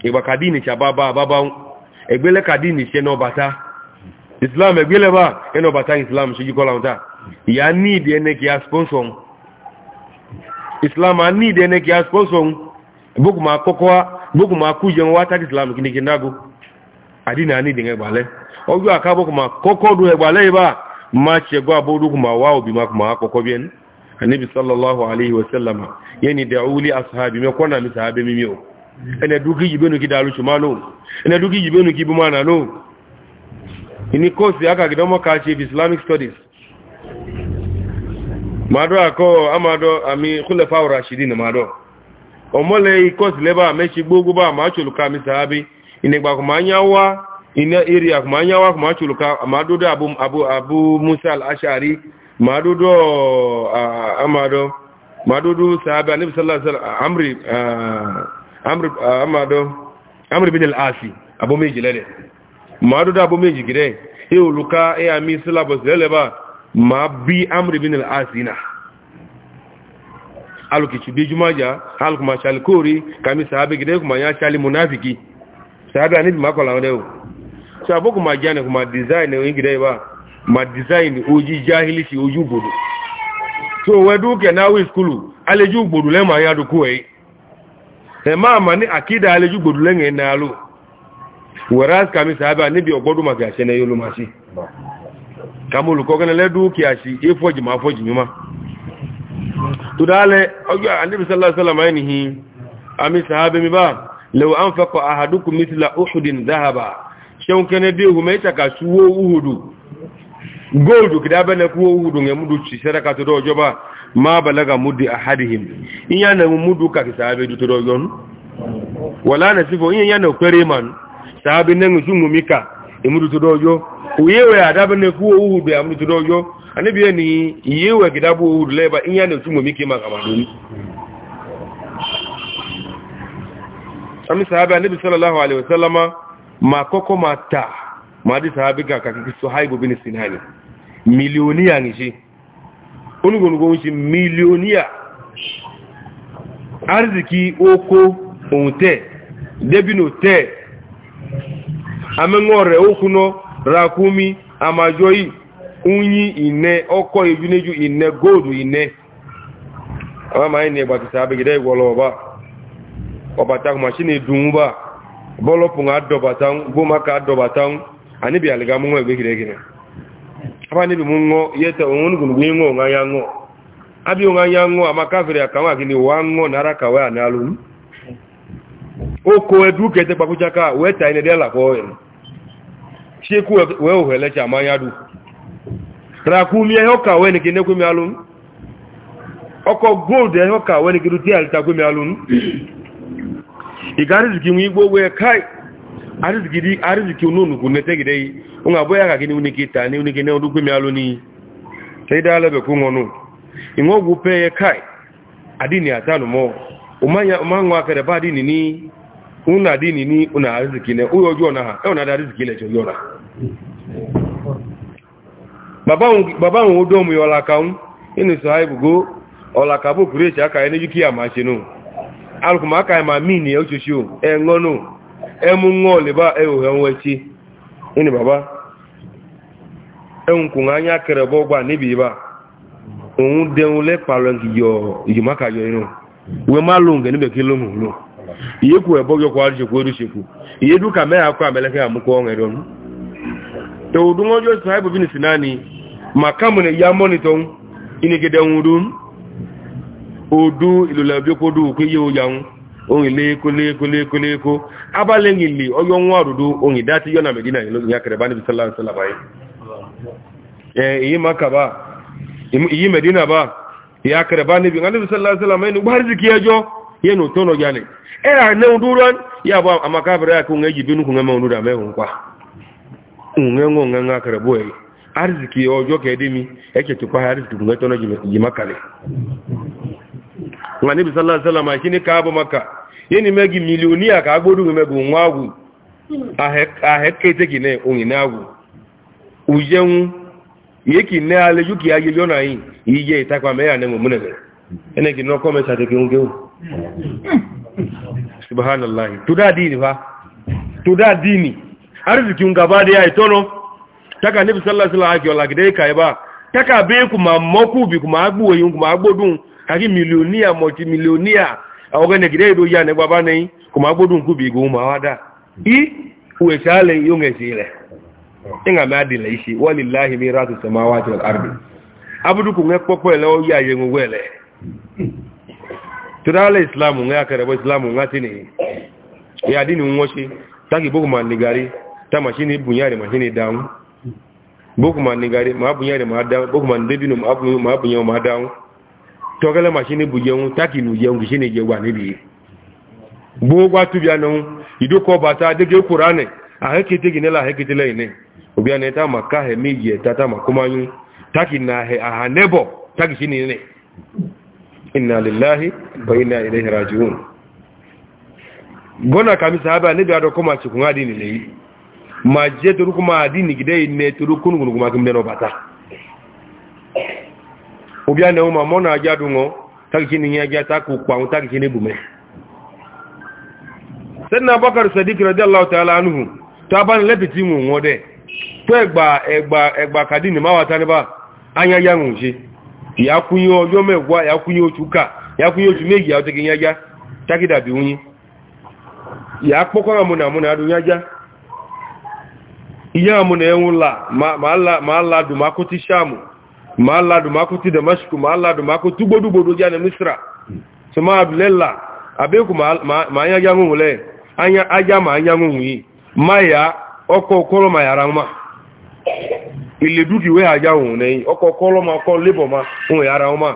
igba kadini cha baba baba egbele kadini se no bata islam egbele ba eno bata islam shi ko launta ya sponsor islam a need ene ki sponsor boku ma kokwa boku ma kuje wa ta islam kini kinago adini ani de ngbale ojo akabo kuma kokko du egbale ba ma ce go abodu kuma wa obi ma kuma annabi sallallahu alaihi wasallama yani da'uli ashabi me kona mi sahabe mi yo ene dugi yibenu ki dalu chumano ene dugi yibenu ki bumana no ini course aka gidomo ka chi islamic studies mado ako amado ami khulafa rashidin mado omole i course leba me chi gbogbo ba ma chuluka mi sahabe ine gba ko manyawa ina area ko manyawa ko ma chuluka amado da abu abu abu musa al-ashari madudu amado madudu sahabi anabi sallallahu alaihi amri amri amado amri bin al-asi abo meji lele madudu abo meji gide e oluka e ami syllabus lele ba ma bi amri bin al-asi na aluki chibi jumaja aluku ma shal kori kami sahabi gide kuma ya shali munafiki sahabi anabi makola onde o sahabi kuma jane kuma design e gide ba ma design oji jahilishi ojú gbòdò so wẹ́dú kẹ̀náwí skúlù alẹ́jú gbòdò lẹ́mọ̀ ayá dùkú ẹ̀ ẹ̀ máa ma ní àkídà alẹ́jú gbòdò lẹ́yìn ẹ̀nà alò wẹ̀rẹ́ kàmí sàábà níbi ọgbọ́dún màkì àṣẹ náà yóò ló máa ṣe kàmú olùkọ́ kẹ́nà lẹ́dú kí a ṣe é fọ́jì máa fọ́jì mímá tó dálẹ̀ ọjọ́ àníbi sálásálàmà ẹni hi àmì sàábà mi bá lẹ́wọ̀ àǹfẹ́kọ̀ àhàdùkù mítìlá òṣùdìn dáhàbà ṣẹ́un kẹ́nẹ́ dé òhùn mẹ́ta kà ṣúwó gold kidabe na kuwa hudu nge mudu chisera ka todo joba ma balaga mudi ahadihim inya na mudu ka kisabe du todo yon wala na sifo inya na kwere man sabe na ngu mumika imudu todo yo uyewe adabe na kidabu hudu leba inya na chumu miki ma kamaduni sami sahabe anabi sallallahu alaihi makoko mata madi sahabi ga kakiki suhaibu bin sinani miliyoniya ni shi olugonugo shi miliyoniya arziki oko ohun tẹ debino tẹ amẹ́ngọ́ rẹ̀ okuno rakumi amajoyi unyi ine ọkọ ìjúnéjú ine góòdù ine àwọn ma ní ẹgbà ti sàábẹ̀ gẹ̀dẹ̀ ìwọ̀lọ̀ ọba ọbàtàkùnmà sí ni dùn ún bá bọ́lọ́pùn adọ̀bàtàun gbọ́maka ani bi aliga mu ngwe gire gire aba ni bi mu ngo yete ongun gun gwe ngo nga ya ngo abi nga ya ngo ama kafiri akawa gini wa ngo naraka wa na alum oko edu kete pa kuchaka we ta ine dela ko en sheku we o hele cha ma yadu tra ku mi yoka we ni kine ku mi alum oko gold yoka we ni kidu ti alta ku mi alum igari zigi mu igbo we kai arziki di arziki ununu kunne te gidai unga boya ka kini uniki ta ni uniki ne udugu mi aloni sai da alabe ku ngonu ingo gupe ye kai adini atanu mo umanya umangwa kare ba dini ni una dini ni una arziki ne uyo jona una da arziki le jo baba baba un odomu yola kaun inu sahibu go ola yuki ama shinu alukuma aka ma mini ẹmu ńwọ́ lè bá ẹwò ẹwọ́ ẹkí ní bàbá ẹun kò ń ányá kẹrẹ bọ́ gbà níbi ìbá òun dẹun lẹ́pàá yọ ìjùmọ́kà yọ inú wẹ́ má lóhùn kẹ́ níbẹ̀ kí lóhùn lò ìyẹ́kù ẹ̀bọ́ yọkọ̀ àríṣekú eríṣekú ìyẹ́dúkà mẹ́ra kọ́ àmẹ́lẹ́kẹ́ àmúkọ́ ya mọ́nìtọ́ ongi leko leko leko leko abale ngili oyo nwaru du ongi dati yona medina e, medina ya kare bani bi ngani sallallahu alaihi wasallam ni bari zikiya jo yenu tono gane era ne unduran ya ba arziki nga nabi sallallahu alaihi wasallam kini ka abu maka yini megi milionia ka agbodu megu nwagu ahe ahe kete kine oninagu ujeun yeki ne ale yuki aye yona yin iye itakwa me ya ne mu munele ene ki no ki subhanallah tuda dini tuda arziki unga ya taka nabi sallallahu alaihi wasallam akiola gide ka iba taka be bi agbo yin agbodun kagi milionia multimilionia awogene gidedo ya ne baba nei kuma gbodun ku bi go ma wada i uwe chale yonge sile inga ma adile ishi walillahi miratu samawati wal ardi abudu ku nge popo ele o ya yengu wele islamu nge akare bo ni ya dini taki boku manigari ta mashini bunyari down boku manigari ma bunyari ma down boku mandebino ma bunyo ma down tɔgɛlɛ machine bu jɛun taki nu jɛun kisi ne jɛwa ne bi ye gbogbo tubiya nɔn idu kɔ bata adeke kura ne a hɛ kete gine la a hɛ kete la ine o biya ta ma ka hɛ mi jɛ ta ta ma kuma nyu taki na hɛ a ha ne bɔ taki si ne ne inna lillahi wa inna ilaihi rajiun gona kami sahaba ne biya dɔ kɔma ci kun ka ma je turu kuma a di nin gide ne turu kunukunukuma kimi dɛ n'o bata. ụbịa na ụma mọ na aja dụṅọ takikini nye aja ta kụ kwanwụ takikini bume sẹ́dínà abọ́kàrù sadiq radiyallahu ta'ala anuhu tó abánilẹ́pìtì ń wọ́n dẹ̀ tó ẹgbà ẹgbà ẹgbà kàdínì máa wà ìyá àmúnà ẹ̀hún là máa ládùn máa kó tí sáàmù ma aladumaku ti damasku ma aladumaku tu gbodugbodo jane misra so ma ablela abeku ma anya gya nwunwu anya aja ma anya nwunwu maya ma ya ọkọ kọlọ ma yara nwa iledu duki we aja nwunwu na yi ọkọ kọlọ ma ọkọ lebo ma nwunwu yara nwa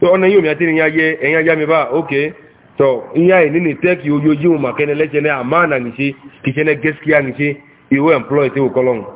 so ọ na yi omi ati ni ye enya gya mi ba oke to iya yi e nini teki ojoji mu ma kene lẹsẹ ne amana ni se kìsẹ ne gaskiya ni se iwe employ ti wo kọlọ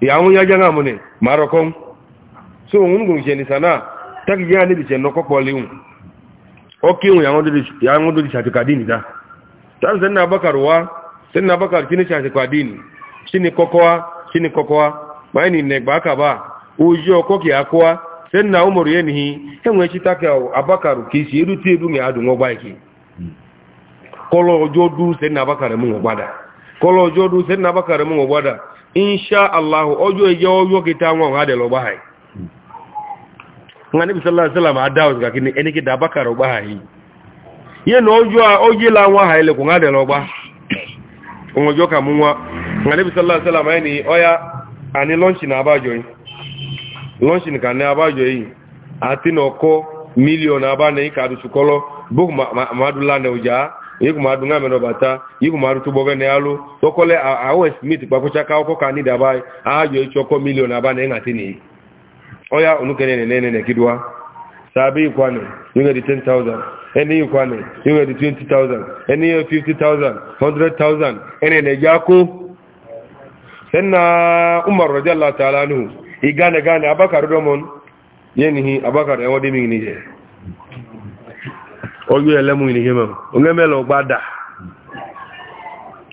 yawon yájá náà mú ní marokon so òun gùn jẹ ní sànà tàkì yá níbi jẹ nọkọ́ pọ̀ léhùn ó kí òun yàwó ṣàtìkàdì nìdá tàbí sẹ́nà abakar wá sẹ́nà abakar kí ní ṣàtìkàdì nì sí ni kọ́kọ́wá sí ni kọ́kọ́wá ojú ọkọ́ kì sẹ́nà umaru yẹn nìyí ẹ̀wọ̀n ẹ̀ṣí tàkì abakar kì í ṣe irú tí edu mi insha Allah ojo eje ojo kita won ha de lo bahai ngani bi sallallahu alaihi wasallam adaw ga kini eni ki ye no ojo oje la won ha ile ko lo ba ka munwa ngani bi sallallahu alaihi wasallam na abajo yi lunch ni kan abajo yi ati ka du sukolo bu ma ma, iguma dunga meno bata iguma rutu boga ne alu tokole awe smith kwa kucha ka oko kani da miliyon ajo ichoko million abane ngati ni oya unukene ne ne ne kidwa sabi kwane yunga di 10000 eni kwane yunga di 20000 eni 50000 100000 eni ne umar radiyallahu ta'ala anhu igane gane abakar domon yenihi abakar oyo elemu ni hema ungemela ubada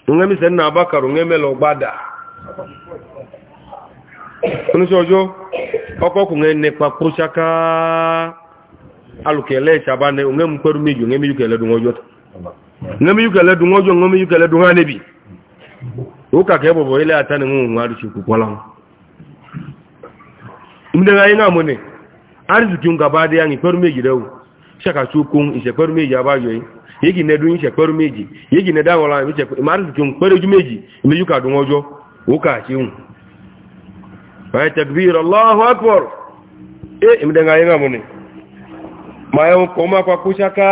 ungemise na abakar ungemela ubada kunisho ojo oko kungene kwa kushaka alukele chabane ungemkweru miju ngemi yukele dungojo ngemi yukele dungojo ṣàkàṣù kún ìṣẹ̀pẹ́rú méjì abáyọ̀ yìí yégi nẹ́dún ìṣẹ̀pẹ́rú méjì yégi nẹ́dá wọn láàrin ìmárùn-ún pẹ́rẹ́jú méjì méjì kàdùn ọjọ́ ó kàṣí hùn báyẹ̀ tẹ̀gbìr aláhùn akpọ̀r é ìmìdẹ̀ngà yẹn gàmù ni ma yẹn kọ́ máa pa kúṣáká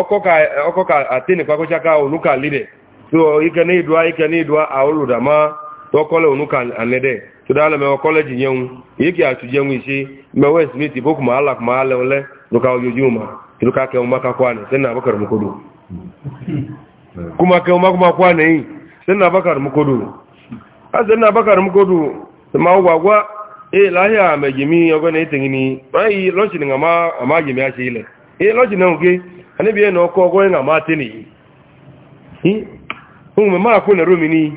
ọkọ̀ ka àtẹ́nì pa kúṣáká ònúkà lílẹ̀ tó ike ní ìdúwá ike ní ìdúwá àwòlùdàmá tọ́kọ́lẹ̀ ònúkà ànẹ́dẹ̀ yẹun yìí àtújẹun ìṣe mẹ́wẹ́ ìsinmi tìbókùnmọ́ alákùnmọ́ alẹ́ duka wa yojuma duka ke umma ka kwane sai na bakar mu kudu kuma ke umma kwane yi sai bakar mu a sai na bakar mu kudu ma gwagwa eh lahiya me jimi ogo ne tingini bai lochi ni ngama ama jimi a chile eh lochi na oge ani bi na oko ogo ngama tini hi hun ma ko na romi ni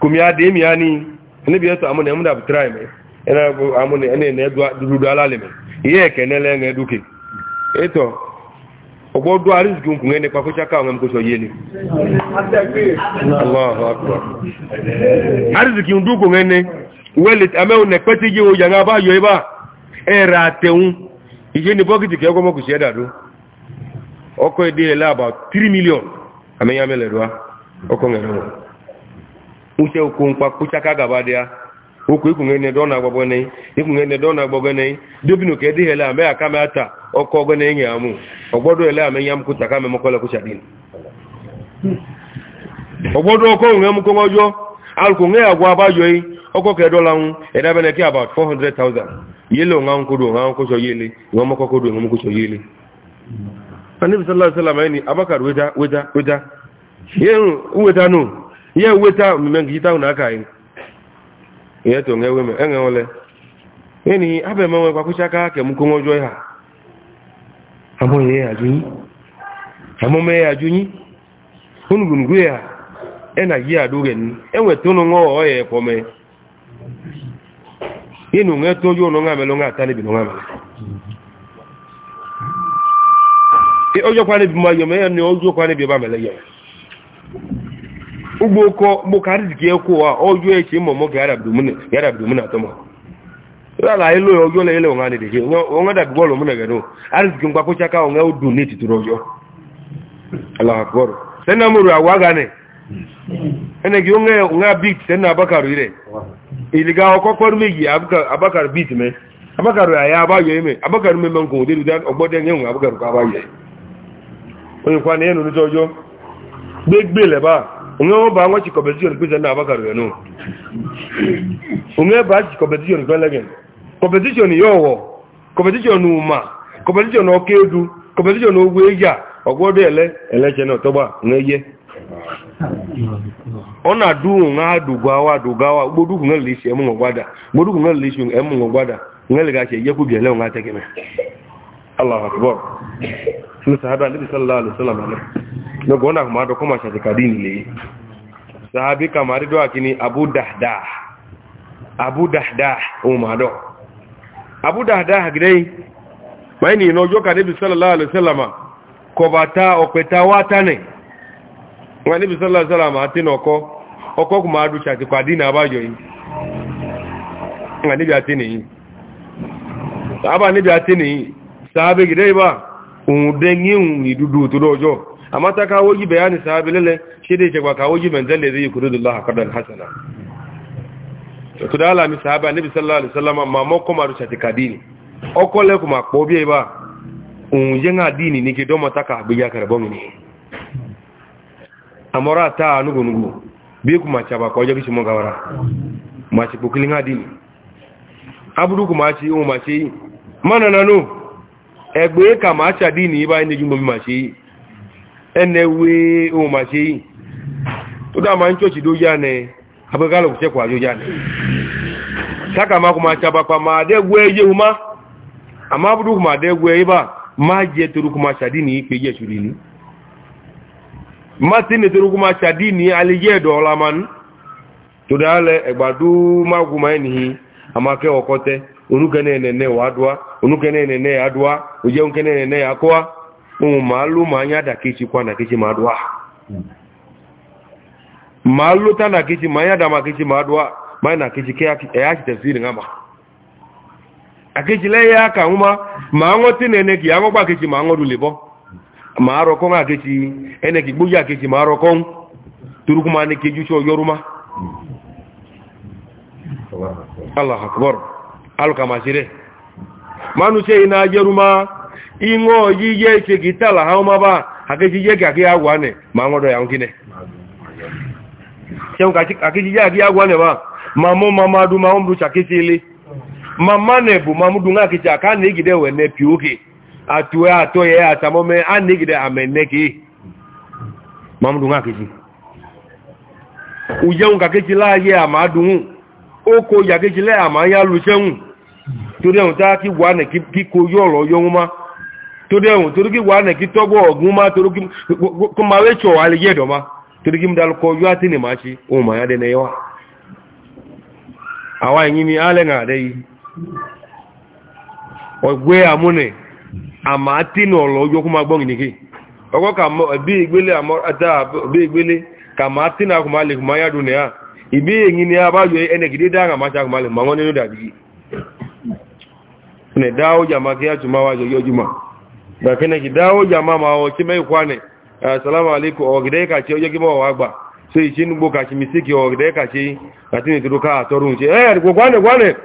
kumya de mi ani ani bi to amune mu da bitrai me ina amune ene ne dudu alalime ihe ekenele ŋe duke eto ogbodo arizikun kun ene pa kocha ka ngam ko so yele Allahu akbar arizikun duko ngene welit ameu na petiji o yanga ba yo iba era teun ije ni bokiti ke ko mo ku sheda do oko ede la about 3 million amenya mele do oko ngere mo use ukun pa kocha ka gaba ya. okwu ikwunge nedo na agbagbo nei ikwunge nedo na agbagbo nei dobinu ke di hele ame aka me ata enye amu ogbodo hele ame nyam kuta ka me mokole kucha din ogbodo oko unge mu kongojo alku agwa ke dola un ke 400000 yele yele ni abakar weta weta ye weta ye ihe to ngewe me enwele eni abe mewe kwa kuchaka ke mko ngojo ya amo ye ya junyi amo ya junyi unugun guya ena ye aduge ni enwe tunu ngo ya kome inu nga bi kwa bi ma yo me ni ojo bi mele ugbo ụkọ mbụ ka riziki ekwu ụwa eche ga rabdu mun ilo ojo le ile ngani de o ngada bi bolo mun ga do arziki ngba ko chaka o nga o donate to sena muru ene bit sena ire iliga bit me abakaru aya abayo eme abakaru me manko de dudan ogbode nge nga abakaru ka onye kwa na gbegbe a onwe ba nwa chikọbedion na ya ọghọ kọbedion ụma kọbedion ọka egwu kọbedion ogwu eji a ọgwọdọ ele eleche na ọtọgba nweye ọ na-adu nwa dugawa dugawa gbodugu nwere isi emunwe bi ele allah akbar nabi sallallahu alaihi wasallam lọ́gbọ́n náà máa dọ́kọ́ máa ṣàtìkàdì nílé sáábí kàmà rí dọ́wà kí ni abúdáàdáà ohun máa dọ́ abúdáàdáà gírẹ́yìn báyìí ni ìnà ọjọ́ kan níbi sálàlá àlẹ́sẹ́lámà kọbata ọ̀pẹta wátánì wọ́n níbi sálàlá àlẹ́sẹ́lámà àti ìnà ọkọ́ ọkọ́ kù máa dù ṣàtìkàdì náà bá yọ amma ta kawo yi bayani sahabi lalle shi da yake ba kawo yi manzan da zai yi kudu lillahi kadan hasana to da ala mi sahabi annabi sallallahu alaihi wasallam ma mo ko maru chati kadini o ko le kuma ko bi ba un je nga dini ni ke do mata ka bi ya karbo ni amora ta nugu nugu bi kuma chaba ko je bi mo gawara ma ci ko abudu kuma ci o ma ci mana nanu egbe ka ma cha dini ba ni jumbo mi ma ẹnẹ wé ohun màṣe yìí tó dáa máa ń chọ́ọ̀chì ló yá nẹ abẹ́gálò kùsẹ́kù àjọ yá nẹ sáka máa kò máa ṣàbàpà máa dẹ́gbẹ́ ẹyẹ hu má àmá búdú kò máa dẹ́gbẹ́ ẹyẹ bá máa jẹ torúkú máa ṣàdí ní ìpè yẹ̀ ṣùlẹ̀ ní má sí ní ṣàdí ní alẹ́yẹ ẹ̀dọ̀ ọ̀la máa ń tó dáa lẹ ẹ̀gbàdú máa kò máa nìyí ohun màálù máa ń yádà kéṣi kó ànàkéṣi máa dùn wá màálù tánàkéṣi máa ń yádà máa kéṣi máa dùn wá máa ń nàkéṣi kí ẹ̀yà ti tẹ̀sí ìrìn àmà àkéṣi lẹ́yìn àkà ń wá màá ń tí nẹ̀ẹ́nẹ́ kì í àwọn gbà kéṣi máa ń rú lè bọ́ màá rọ kọ́n àkéṣi ẹnẹ́ kì gbójú àkéṣi máa rọ kọ́n torúkú máa ní kéjú sí ọyọ́rú má Allah akbar alùkàmàṣírẹ̀ mánú ṣe iná ajẹ́rú máa ingo yiye ce gitala hauma ba haka jiye ga ga ne ma ngodo ya ngine sio ka haka jiye ga yawa ne ba mamo mama du ma umdu chakisili mama ne bu mamudu nga kicha ka ne gide we ne piuki atuwe atoye atamome ani gide ameneki mamudu nga kichi uje un kakechi la ye amadu oko ya kechi le amanya lu seun torí on ta ki wa ne ki ko yo lo yo ma torí ẹ̀wọ̀n torí kí wàá nàkí tọ́gbọ̀ ọ̀gùn máa torí kí kó máa wé tsọ̀ alẹ́ yẹ̀ dọ̀ma torí kí mi dalùkọ yọ àti nì máa tsi ni alẹ́ ŋà dẹ́ yìí ọ̀gbẹ́ amúnẹ̀ àmà àti nà ọ̀lọ́ yọ kó máa gbọ́ nìké ọkọ kà mọ bí ìgbélé àmọ́ ata bí ìgbélé kà má àti nà kò máa lè kò máa ne dùn nìyà ìbí èyí ni a bá yọ ẹnẹgidé dáhà má tsa kò máa lè kò máa wọn nínú dàbí. Nẹ̀dá ó jà máa kí á tún máa wá Ba kina ki dawo jama ma o ki mai kwane assalamu alaikum o gidai ka ce oje gibo wa gba eh ko kwane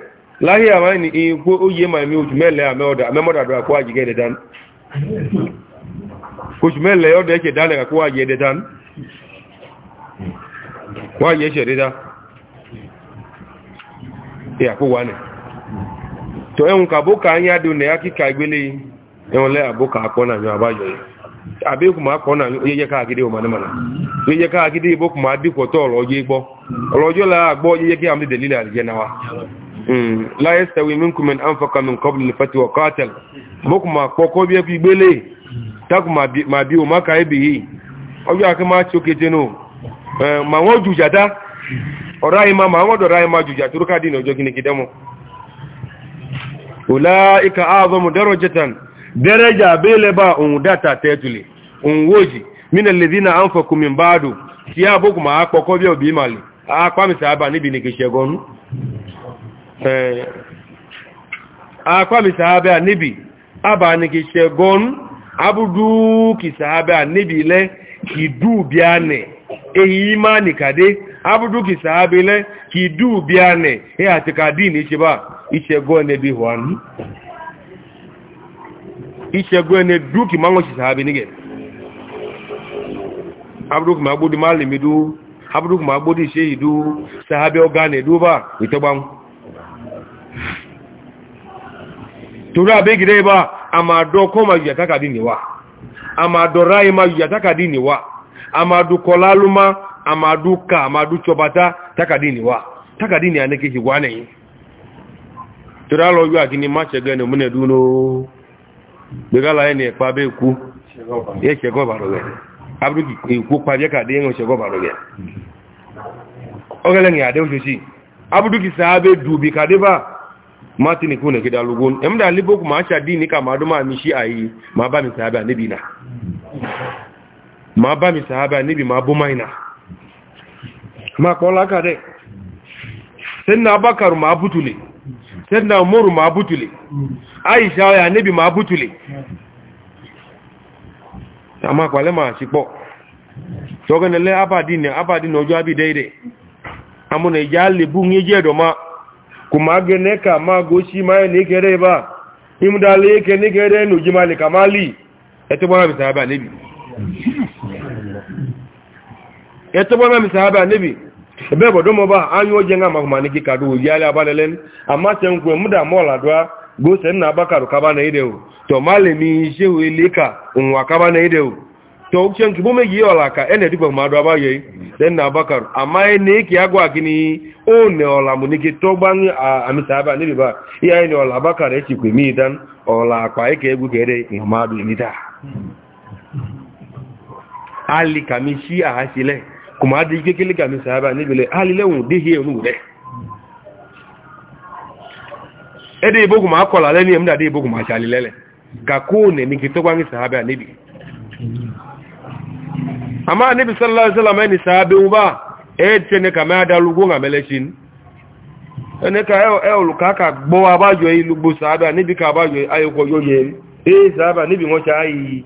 lahi ama ni i ko oye ma mi o tu mele ame oda ame moda do ko aji gede dan ko tu mele oda ke dan ka ko aji gede dan wa ye sherida ẹwọn lẹ́yà bó kàá kọ́ náà yọ àbáyọ yìí àbí kò máa kọ́ náà yẹ yẹ káàkiri ọmọ anamọ̀nà yẹ yẹ káàkiri bó kò máa dìkọ̀ tọ́ ọ̀lọ́jọ́ gbọ́ ọ̀lọ́jọ́ la gbọ́ yẹ kí àmì dèlílẹ̀ àlìjẹ́ wa. láyé sẹ́wìn mí kùmẹ̀ ànfàkà mi kọ́ bí fati wọ káàtẹ̀l bó kò máa kọ́ kọ́ bí ẹbí gbélé tákù máa bí o má ka ẹbí yìí ọjọ́ àkẹ́ máa tí ó kété nù mà daraja bele ba un data tetuli un woji min alladhina anfaqu min ba'du ti aboku ma akoko bi obi mali apa mi sahaba ni bi ni kisegonu eh apa mi sahaba nibi aba ni kisegonu abudu ki sahaba nibi le kidu biane eyi imani kade abudu ki sahaba le kidu biane e atikadi ni se ba isegonu bi huani ìṣẹ́gun ẹni dúkì máa ń wọ́n ṣìṣà àbí nígẹ̀ abúrúkù máa gbódì máa lè mi dú abúrúkù máa gbódì ṣe ìdú sàábẹ́ ọ̀gánì dúbà ìtọ́gbàm torí àbẹ́gidẹ́ bá a máa dọ́ kọ́ máa yùyà tákàdí níwá a máa dọ̀ ráyẹ máa yùyà tákàdí níwá a máa dú kọlá lúmá ní anẹ́kẹ́ ṣe wá torí àlọ́ yóò àkíní má ṣẹ̀gẹ́ ẹni òmìnà dúró gbegala ẹni ẹ̀pá bẹ́ ikú yẹ́ ṣẹgọ́bàrọ̀ rẹ̀ abúrúkì ikú pàjẹ́ kàdé ogele ṣẹgọ́bàrọ̀ rẹ̀ ọgẹ́lẹ́yìn àdé òṣèṣì abúrúkì sàábẹ́ dùbì kàdé bá martin ikú nìkídà lógún ẹ̀mdà líbókù máa ṣàdí ní kàmàdó máa ma mi mi ma dị sị na ma sayyidina umaru ma butule aisha ya nabi ma butule ama kwale ma sipo to gane le abadi ne abadi no jo abi deide amuna ijale ma kuma gene ka ma goshi ma ne kere ba imdale ke ne kere no jimali kamali eto bona bi sahaba nabi eto bona bi nabi ebe obodo mọba anya oje nga mahụmana gị ka do yiala agbalele amache nkwe m da mọla dụa gose nna abakarụ kaba na idewu tọmale mijewele ka nwa kaba na idewu tọ uche nke bome gị ọla ka na dịkwa mmadụ abaghị denna ama amaghị na ike agwa gị o ne ọla mụ n'ike tọgbanye amịta aba n'ibiba ihe anyị na ọla echekwa echikwa eme idan ọla akpa ịka egwu kere mmadụ imida hmm. ali kamishi ahasile kuma adi ga kami sahaba nibile alilehun dehi enu re ede ibogu ma akola leni emda de ibogu ma chali lele ka ko ne ni kitogwa ni sahaba nibi ama nibi sallallahu alaihi wasallam ni sahabe uba ete ne kama adalugo ngameleshin ene ka e oluka ka gbo abajo ilugbo sahaba nibi ka abajo ayoko yoye e sahaba nibi won chai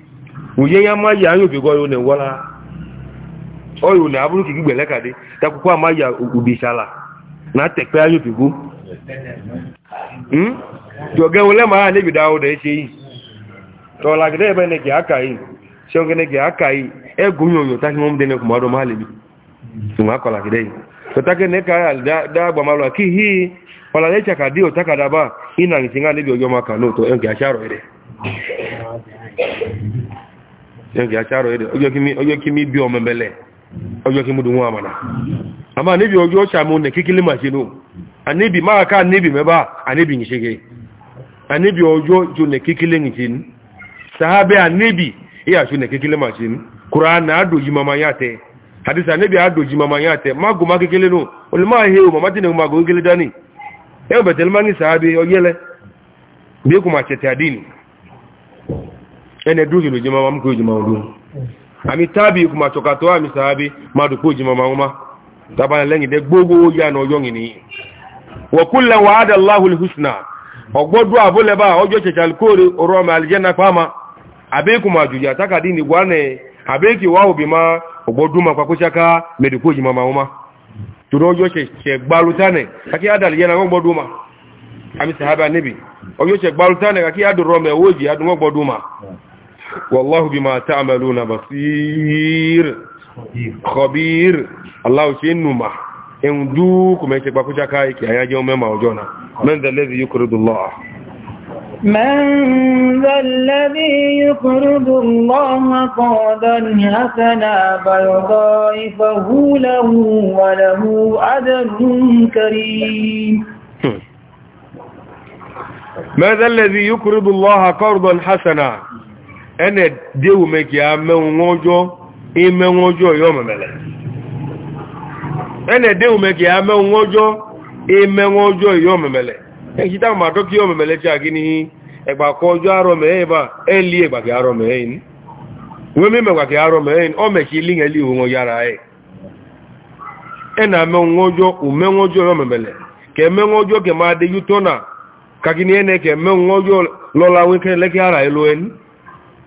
unye ya amaghị anya obigo ya na ewela oya na abụrụ ka gị gbele ka dị takwụkwọ amaghị ubichala na tekpe anya obigo hmm? oge wele ma ha na-ebido ahụ da eche iyi tọla gịdị ebe na gị aka yi sio gịnị gị aka yi egwu nye onyo taghị m dị na ekwumadụ ma lebi nwa akọla gịdị yi tọta gị na ka da agbamalụ ka ihe ọla na echa ka dị ụta ka daba ị na nke nga na-ebi oge ọma ka n'ụtọ nke acha arọ ere oge acharo ede oge kimi bi omemele oge kimi dunwa amana ama anibi oge ocha mu ne kikili machinu anibi ma aka anibi meba anibi ngishege anibi ojo ju ne kikili ngichin sahabe anibi iya ju ne kikili machin qur'an na mama jimama yate hadith anibi adu jimama yate magu makikili no ulma hewu mamati ne magu kikili dani ya ebe telmani sahabe oyele bi kuma chete adini ene duhi no jima mam ko jima wudu ami tabi kuma chokato ami sahabi madu ko jima mamuma tabana lengi de gbogbo ya no yongi ni wa kullu wa'ada Allahu al-husna ogbodu abule ba ojo chechal kore oro ma aljanna fama abe kuma juja taka bima ogbodu ma kwa jima mamuma turojo che che gbalutane taki adal ma ami sahaba nabi ojo che gbalutane kaki ma والله بما تعملون بصير خبير الله ما ان دوك ما يتبقى كجا يا يوم ما جو مما وجونا من ذا الذي يقرض الله من ذا الذي يقرض الله قرضا حسنا فيضاعفه له وله أجر كريم ماذا الذي يقرض الله قرضا حسنا e na ka ya menwu ime nwa ọjọọ ya omemele ene dewume ka ya menwu nwa ọjọọ ime nwa ọjọọ ya omemele ejita ma dọka ya omemele cha gị n'ihi arọ ebe a eli egba arọ mee yi wee me arọ ume omemele ka ka ka lọla nwoke ara elu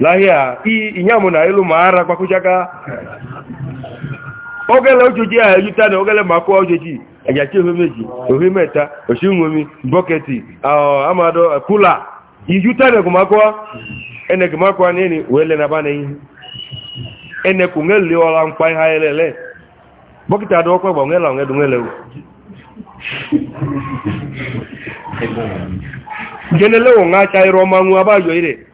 lahia inyamụ na elu maara ara gbakwụchaga ogele ojoji ahụ ejuta na ogele ma kụọ ojoji ejachi ohemeji ohemeta oshinwomi bọketi amado kula ijuta na egumakụọ enegumakụọ na eni wee le naba na ene enekwunwele ọla mkpa ha elele bọkịta dị ọkwa gbanwela onwedu nwelewu jenelewo nga acha ịrụ ọma nwa abajo ire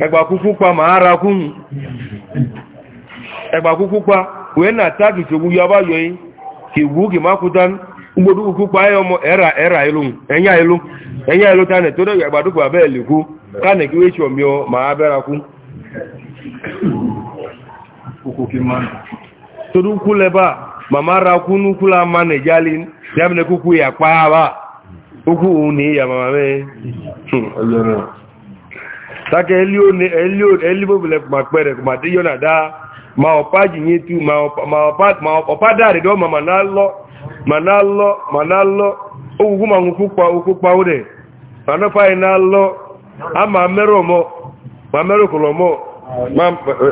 ẹgbà kúkú pa ma ara kún ẹgbà kúkú pa wẹ́n náà táàkì tí ogun yọ bá yọ yìí kì wú kì má kúta gbogbo kúkú pa ẹ ọmọ ẹ̀rà ẹ̀rà ìlú ẹ̀yà ìlú ẹ̀yà ìlú tánẹ̀ tó dẹ̀ ẹgbà dúkù abẹ́ ìlú kánẹ̀ kí wéṣọ mi ọ ma abẹ́ra kún torí lẹ́bà màmá ra kúnú kú la ma nẹ̀ yàmìnà kúkú yà pàá kúkú òun ní ìyà màmá mẹ́ sake elio ne elio elio bile ma pere ma di yona da ma opaji nyetu ma ma opat ma opada re do mama nallo manallo manallo ugu ma ngufu kwa uku kwa ude sana fa inallo ama mero mo ma mero kulo mo ma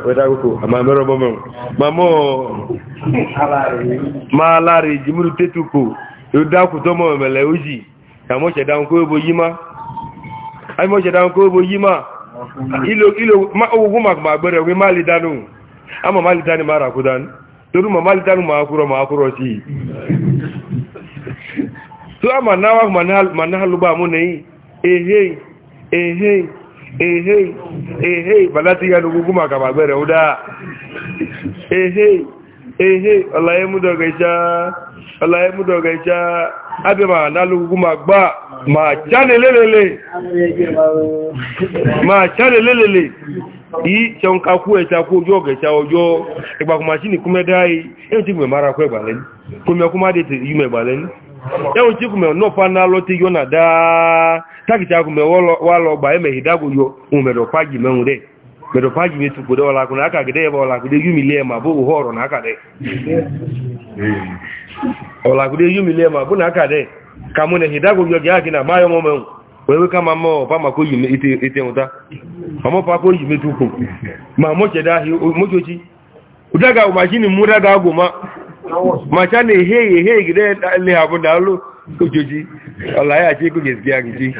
weda ku ama mero mo ma mo ma lari jimuru tetuku yuda ku to mo mele uji ya mo che da ko yima ai mo che da ko yima ilo ilo ma ogun ma ma gbere we mali danu ama mali danu mara ku danu toru ma mali danu ma akuro ma akuro ti so ama nawa manal manal ba mu nei ehe ehe ehe ehe balati ya nugu kuma ka ma gbere uda ehe ehe Allah ya mu dogaisha Allah ya mu dogaisha abi ma nalugu kuma gba ma chane lelele ma chane lelele yi chon ka ku e cha ku jo ge cha ojo e gba kuma chini kume dai e ti me mara ku e gbale ni kume kuma de ti yu me gbale ni e o ti kume no pana na lo ti yo da ta ki cha kume wo lo wa lo gba e me hidago yo un me do paji me un de me do paji me tu ko de ola kuna aka gede e ba ola kude yu mi le ma bo horo na aka de ola kude yu mi le ma bo kamune hidago yoge na mayo momo wewe kama mo pa mako yime ite ite uta mamo pa ko yime tuko ma mo cheda mo joji udaga umashini muraga goma machane he he gide le hapo dalu ko joji ala ya ji ko gesikia gidi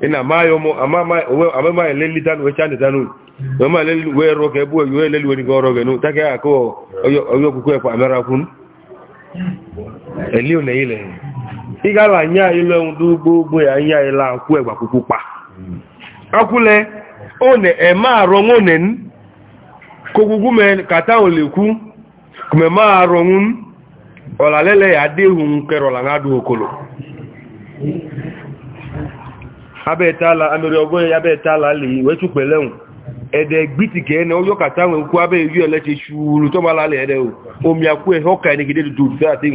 ina mayo mo ama ma we ama ma leli tan we chande tanu we ma leli we roke bu we leli we ni goroge nu take akọ oyo oyo ku ku e pa amera kun eli one ile ị gala anya ile dị gbogbo ya anya ile akwụ egba kpukpukpa akwụle one eme arọnwụ ne kogwugwu me kata olekwu arọnwụ na okolo ẹ̀dẹ̀ ọjọ́ kàtàwọn abẹ́ tọ́bálálẹ̀ ẹ̀dẹ̀ omi fẹ́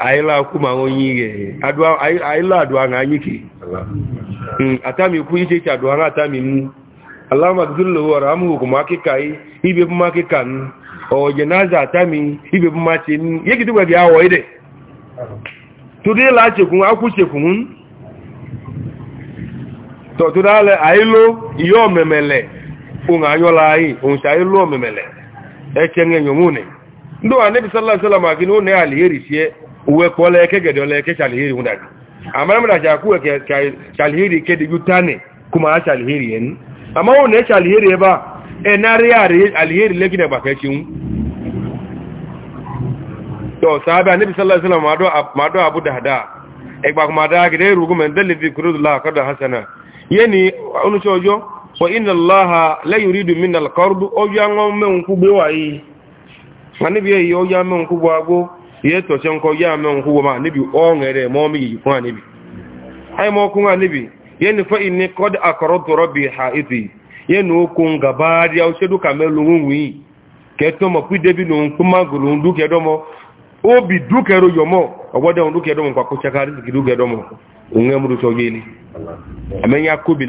ayila kuma onye ihe ayila aduwa na anyị ke atami kwu iche iche aduwa na atami m ala magdullo wara amụghị kuma akịka ibe bụ akịka n oje naza atami ibe bụ machi n ihe gidi gwa gị awọ ide tudu ila chekwun akwụ chekwun tọtụrụ ala ayilo ihe omemele ụnụ anyụla anyị ụnụ ayilo eche nye ndo anabi sallallahu alaihi wasallam akini one aliheri sie uwe kole kegede ole ke chaliheri unadi amara mra ja ku ke chaliheri ke de gutane kuma chaliheri en ama one chaliheri eba enari ari aliheri lekine ba ke chiun to sahabi anabi sallallahu alaihi wasallam mado mado abu dahda egba kuma da gide rugu men dalil fi kurudullah kada hasana yeni onu chojo wa inna allaha la yuridu minna al-qard o yango men ku gbe wa yi ma níbi èyí ó yá mẹ́rin kúgbọ́ agbó iye tọ̀ṣẹ́ ń kọ yá mẹ́rin kúgbọ́ ma níbi bi rẹ̀ mọ́ mi yìí fún àníbi àìmọ́ ọkùnrin àníbi yẹ́ ni fẹ́ ine kọ́dí àkọ̀rọ̀ tọ̀rọ̀ bi ha ètò ye ni ó kún gàbáàrí ọṣẹ́dúkà mẹ́lòun òun ẹmúrú tó gbé ní àmẹ́yà kóbi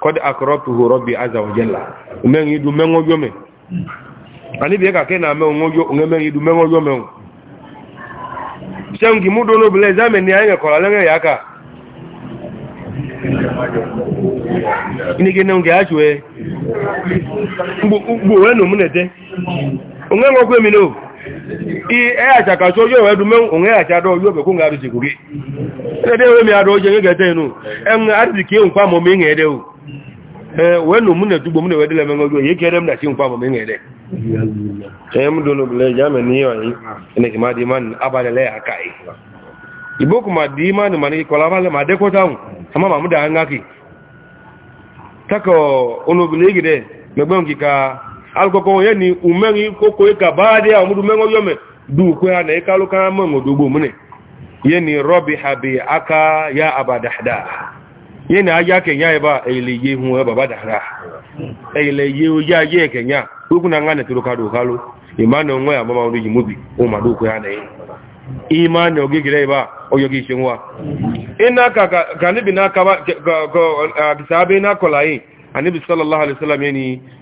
kod akorotuhu rabbi azza wa jalla du yidu men ojo me ani bi ka kena me ojo nge men yidu men ojo me shangi no bile zame ni aye ko lenge yaka ni gene nge ajwe ngbo ngbo we no munete onge ngokwe mi no e acha ka chọ yọ wedu menw onwe acha dọ yọ bekwu nga arụjigwu gị ede ewe mi adọ oje nye gete enu enwe arụzi ka nkwa mụ ị na-ede ee wee nụ mụ na-etugbo m na-ewedele m ngogo ye kere m na chi nkwa mụ ị na-ede ee m dụ n'obele ji ame na ihe ọyị eneke ma dị iman abalịla ya aka igbo kwu ma dị iman mana ịkọla abalị ma dekwọta nwụ ama ma mụ daa nga ki takọ onobele igide megbe nke ka alụkọkọ onye na umenwe ikoko ka baa dị ya mụrụ yome ha na ịkalụ ka ma ngodogbo mune yeni robi ha bi aka ya Ya yeni aja kenya a ele ye hu eba badahra ele ye kenya na nga neturu kado kalu imanu ya mama oriji mubi ha na ye imani ogigire eba oyogi ka ka ka ka ka ka ka ka ka ka ka ka ka ka ka ka ka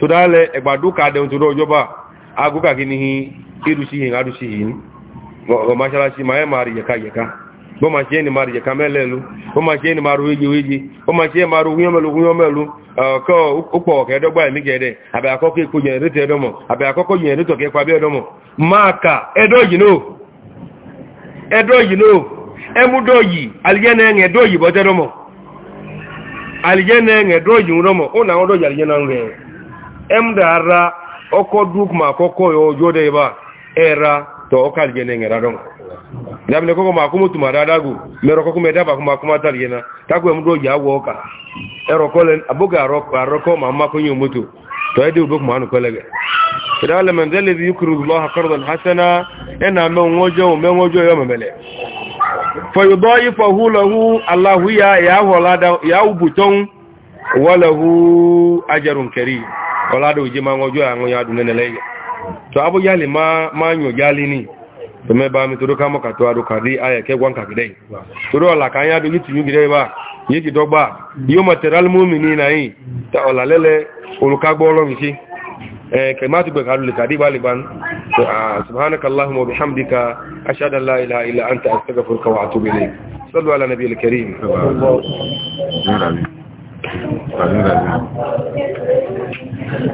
todale egbadu ka de ntoro ojoba aguka kinihi irushi hin arushi hin go mashala shi maye mari yeka yeka ma jeni mari ma jeni maru wiji wiji ma ṣe maru wiyomelu wiyomelu ko upo ke ma ṣe gede abi akoko iku yen rete edomo abi akoko emda ara oko duk ma koko yo jode ba era to okal gene ngera don namne koko ma kumu tuma me kuma kuma tal gena emdo ya woka ero kolen abuga ro ro ko ma ko nyumutu to edi ubuk ma anu kolege kidala man dal ladhi allah qardan hasana ina me ngojo me ngojo yo mele lahu allah ya ya holada ya ubuton walahu ajrun ọládò ìjẹ́ máa wọ́jọ́ àwọn ya dùn nẹ́nẹ̀lẹ́gẹ̀ tó abúyálì máa yàn yálì ní tó mẹ́bà mi tó dókà mọ́kà tó adókà dé ayẹ̀kẹ́ wọn kàgídẹ́ tó dó ọ̀là káyà dó yìí gídẹ́ bá yìí ti dọ́gbà yóò mọ̀ tẹ̀rẹ́lì múmi ní ìnáyì tá ọ̀là lẹ́lẹ́ olùkágbọ́ ọlọ́run sí kẹ̀má ti gbẹ̀kà lulẹ̀ kàdé bá liban subhanaka allahumma wa bihamdika ashhadu an la ilaha illa anta sallu ala nabiyil karim amin amin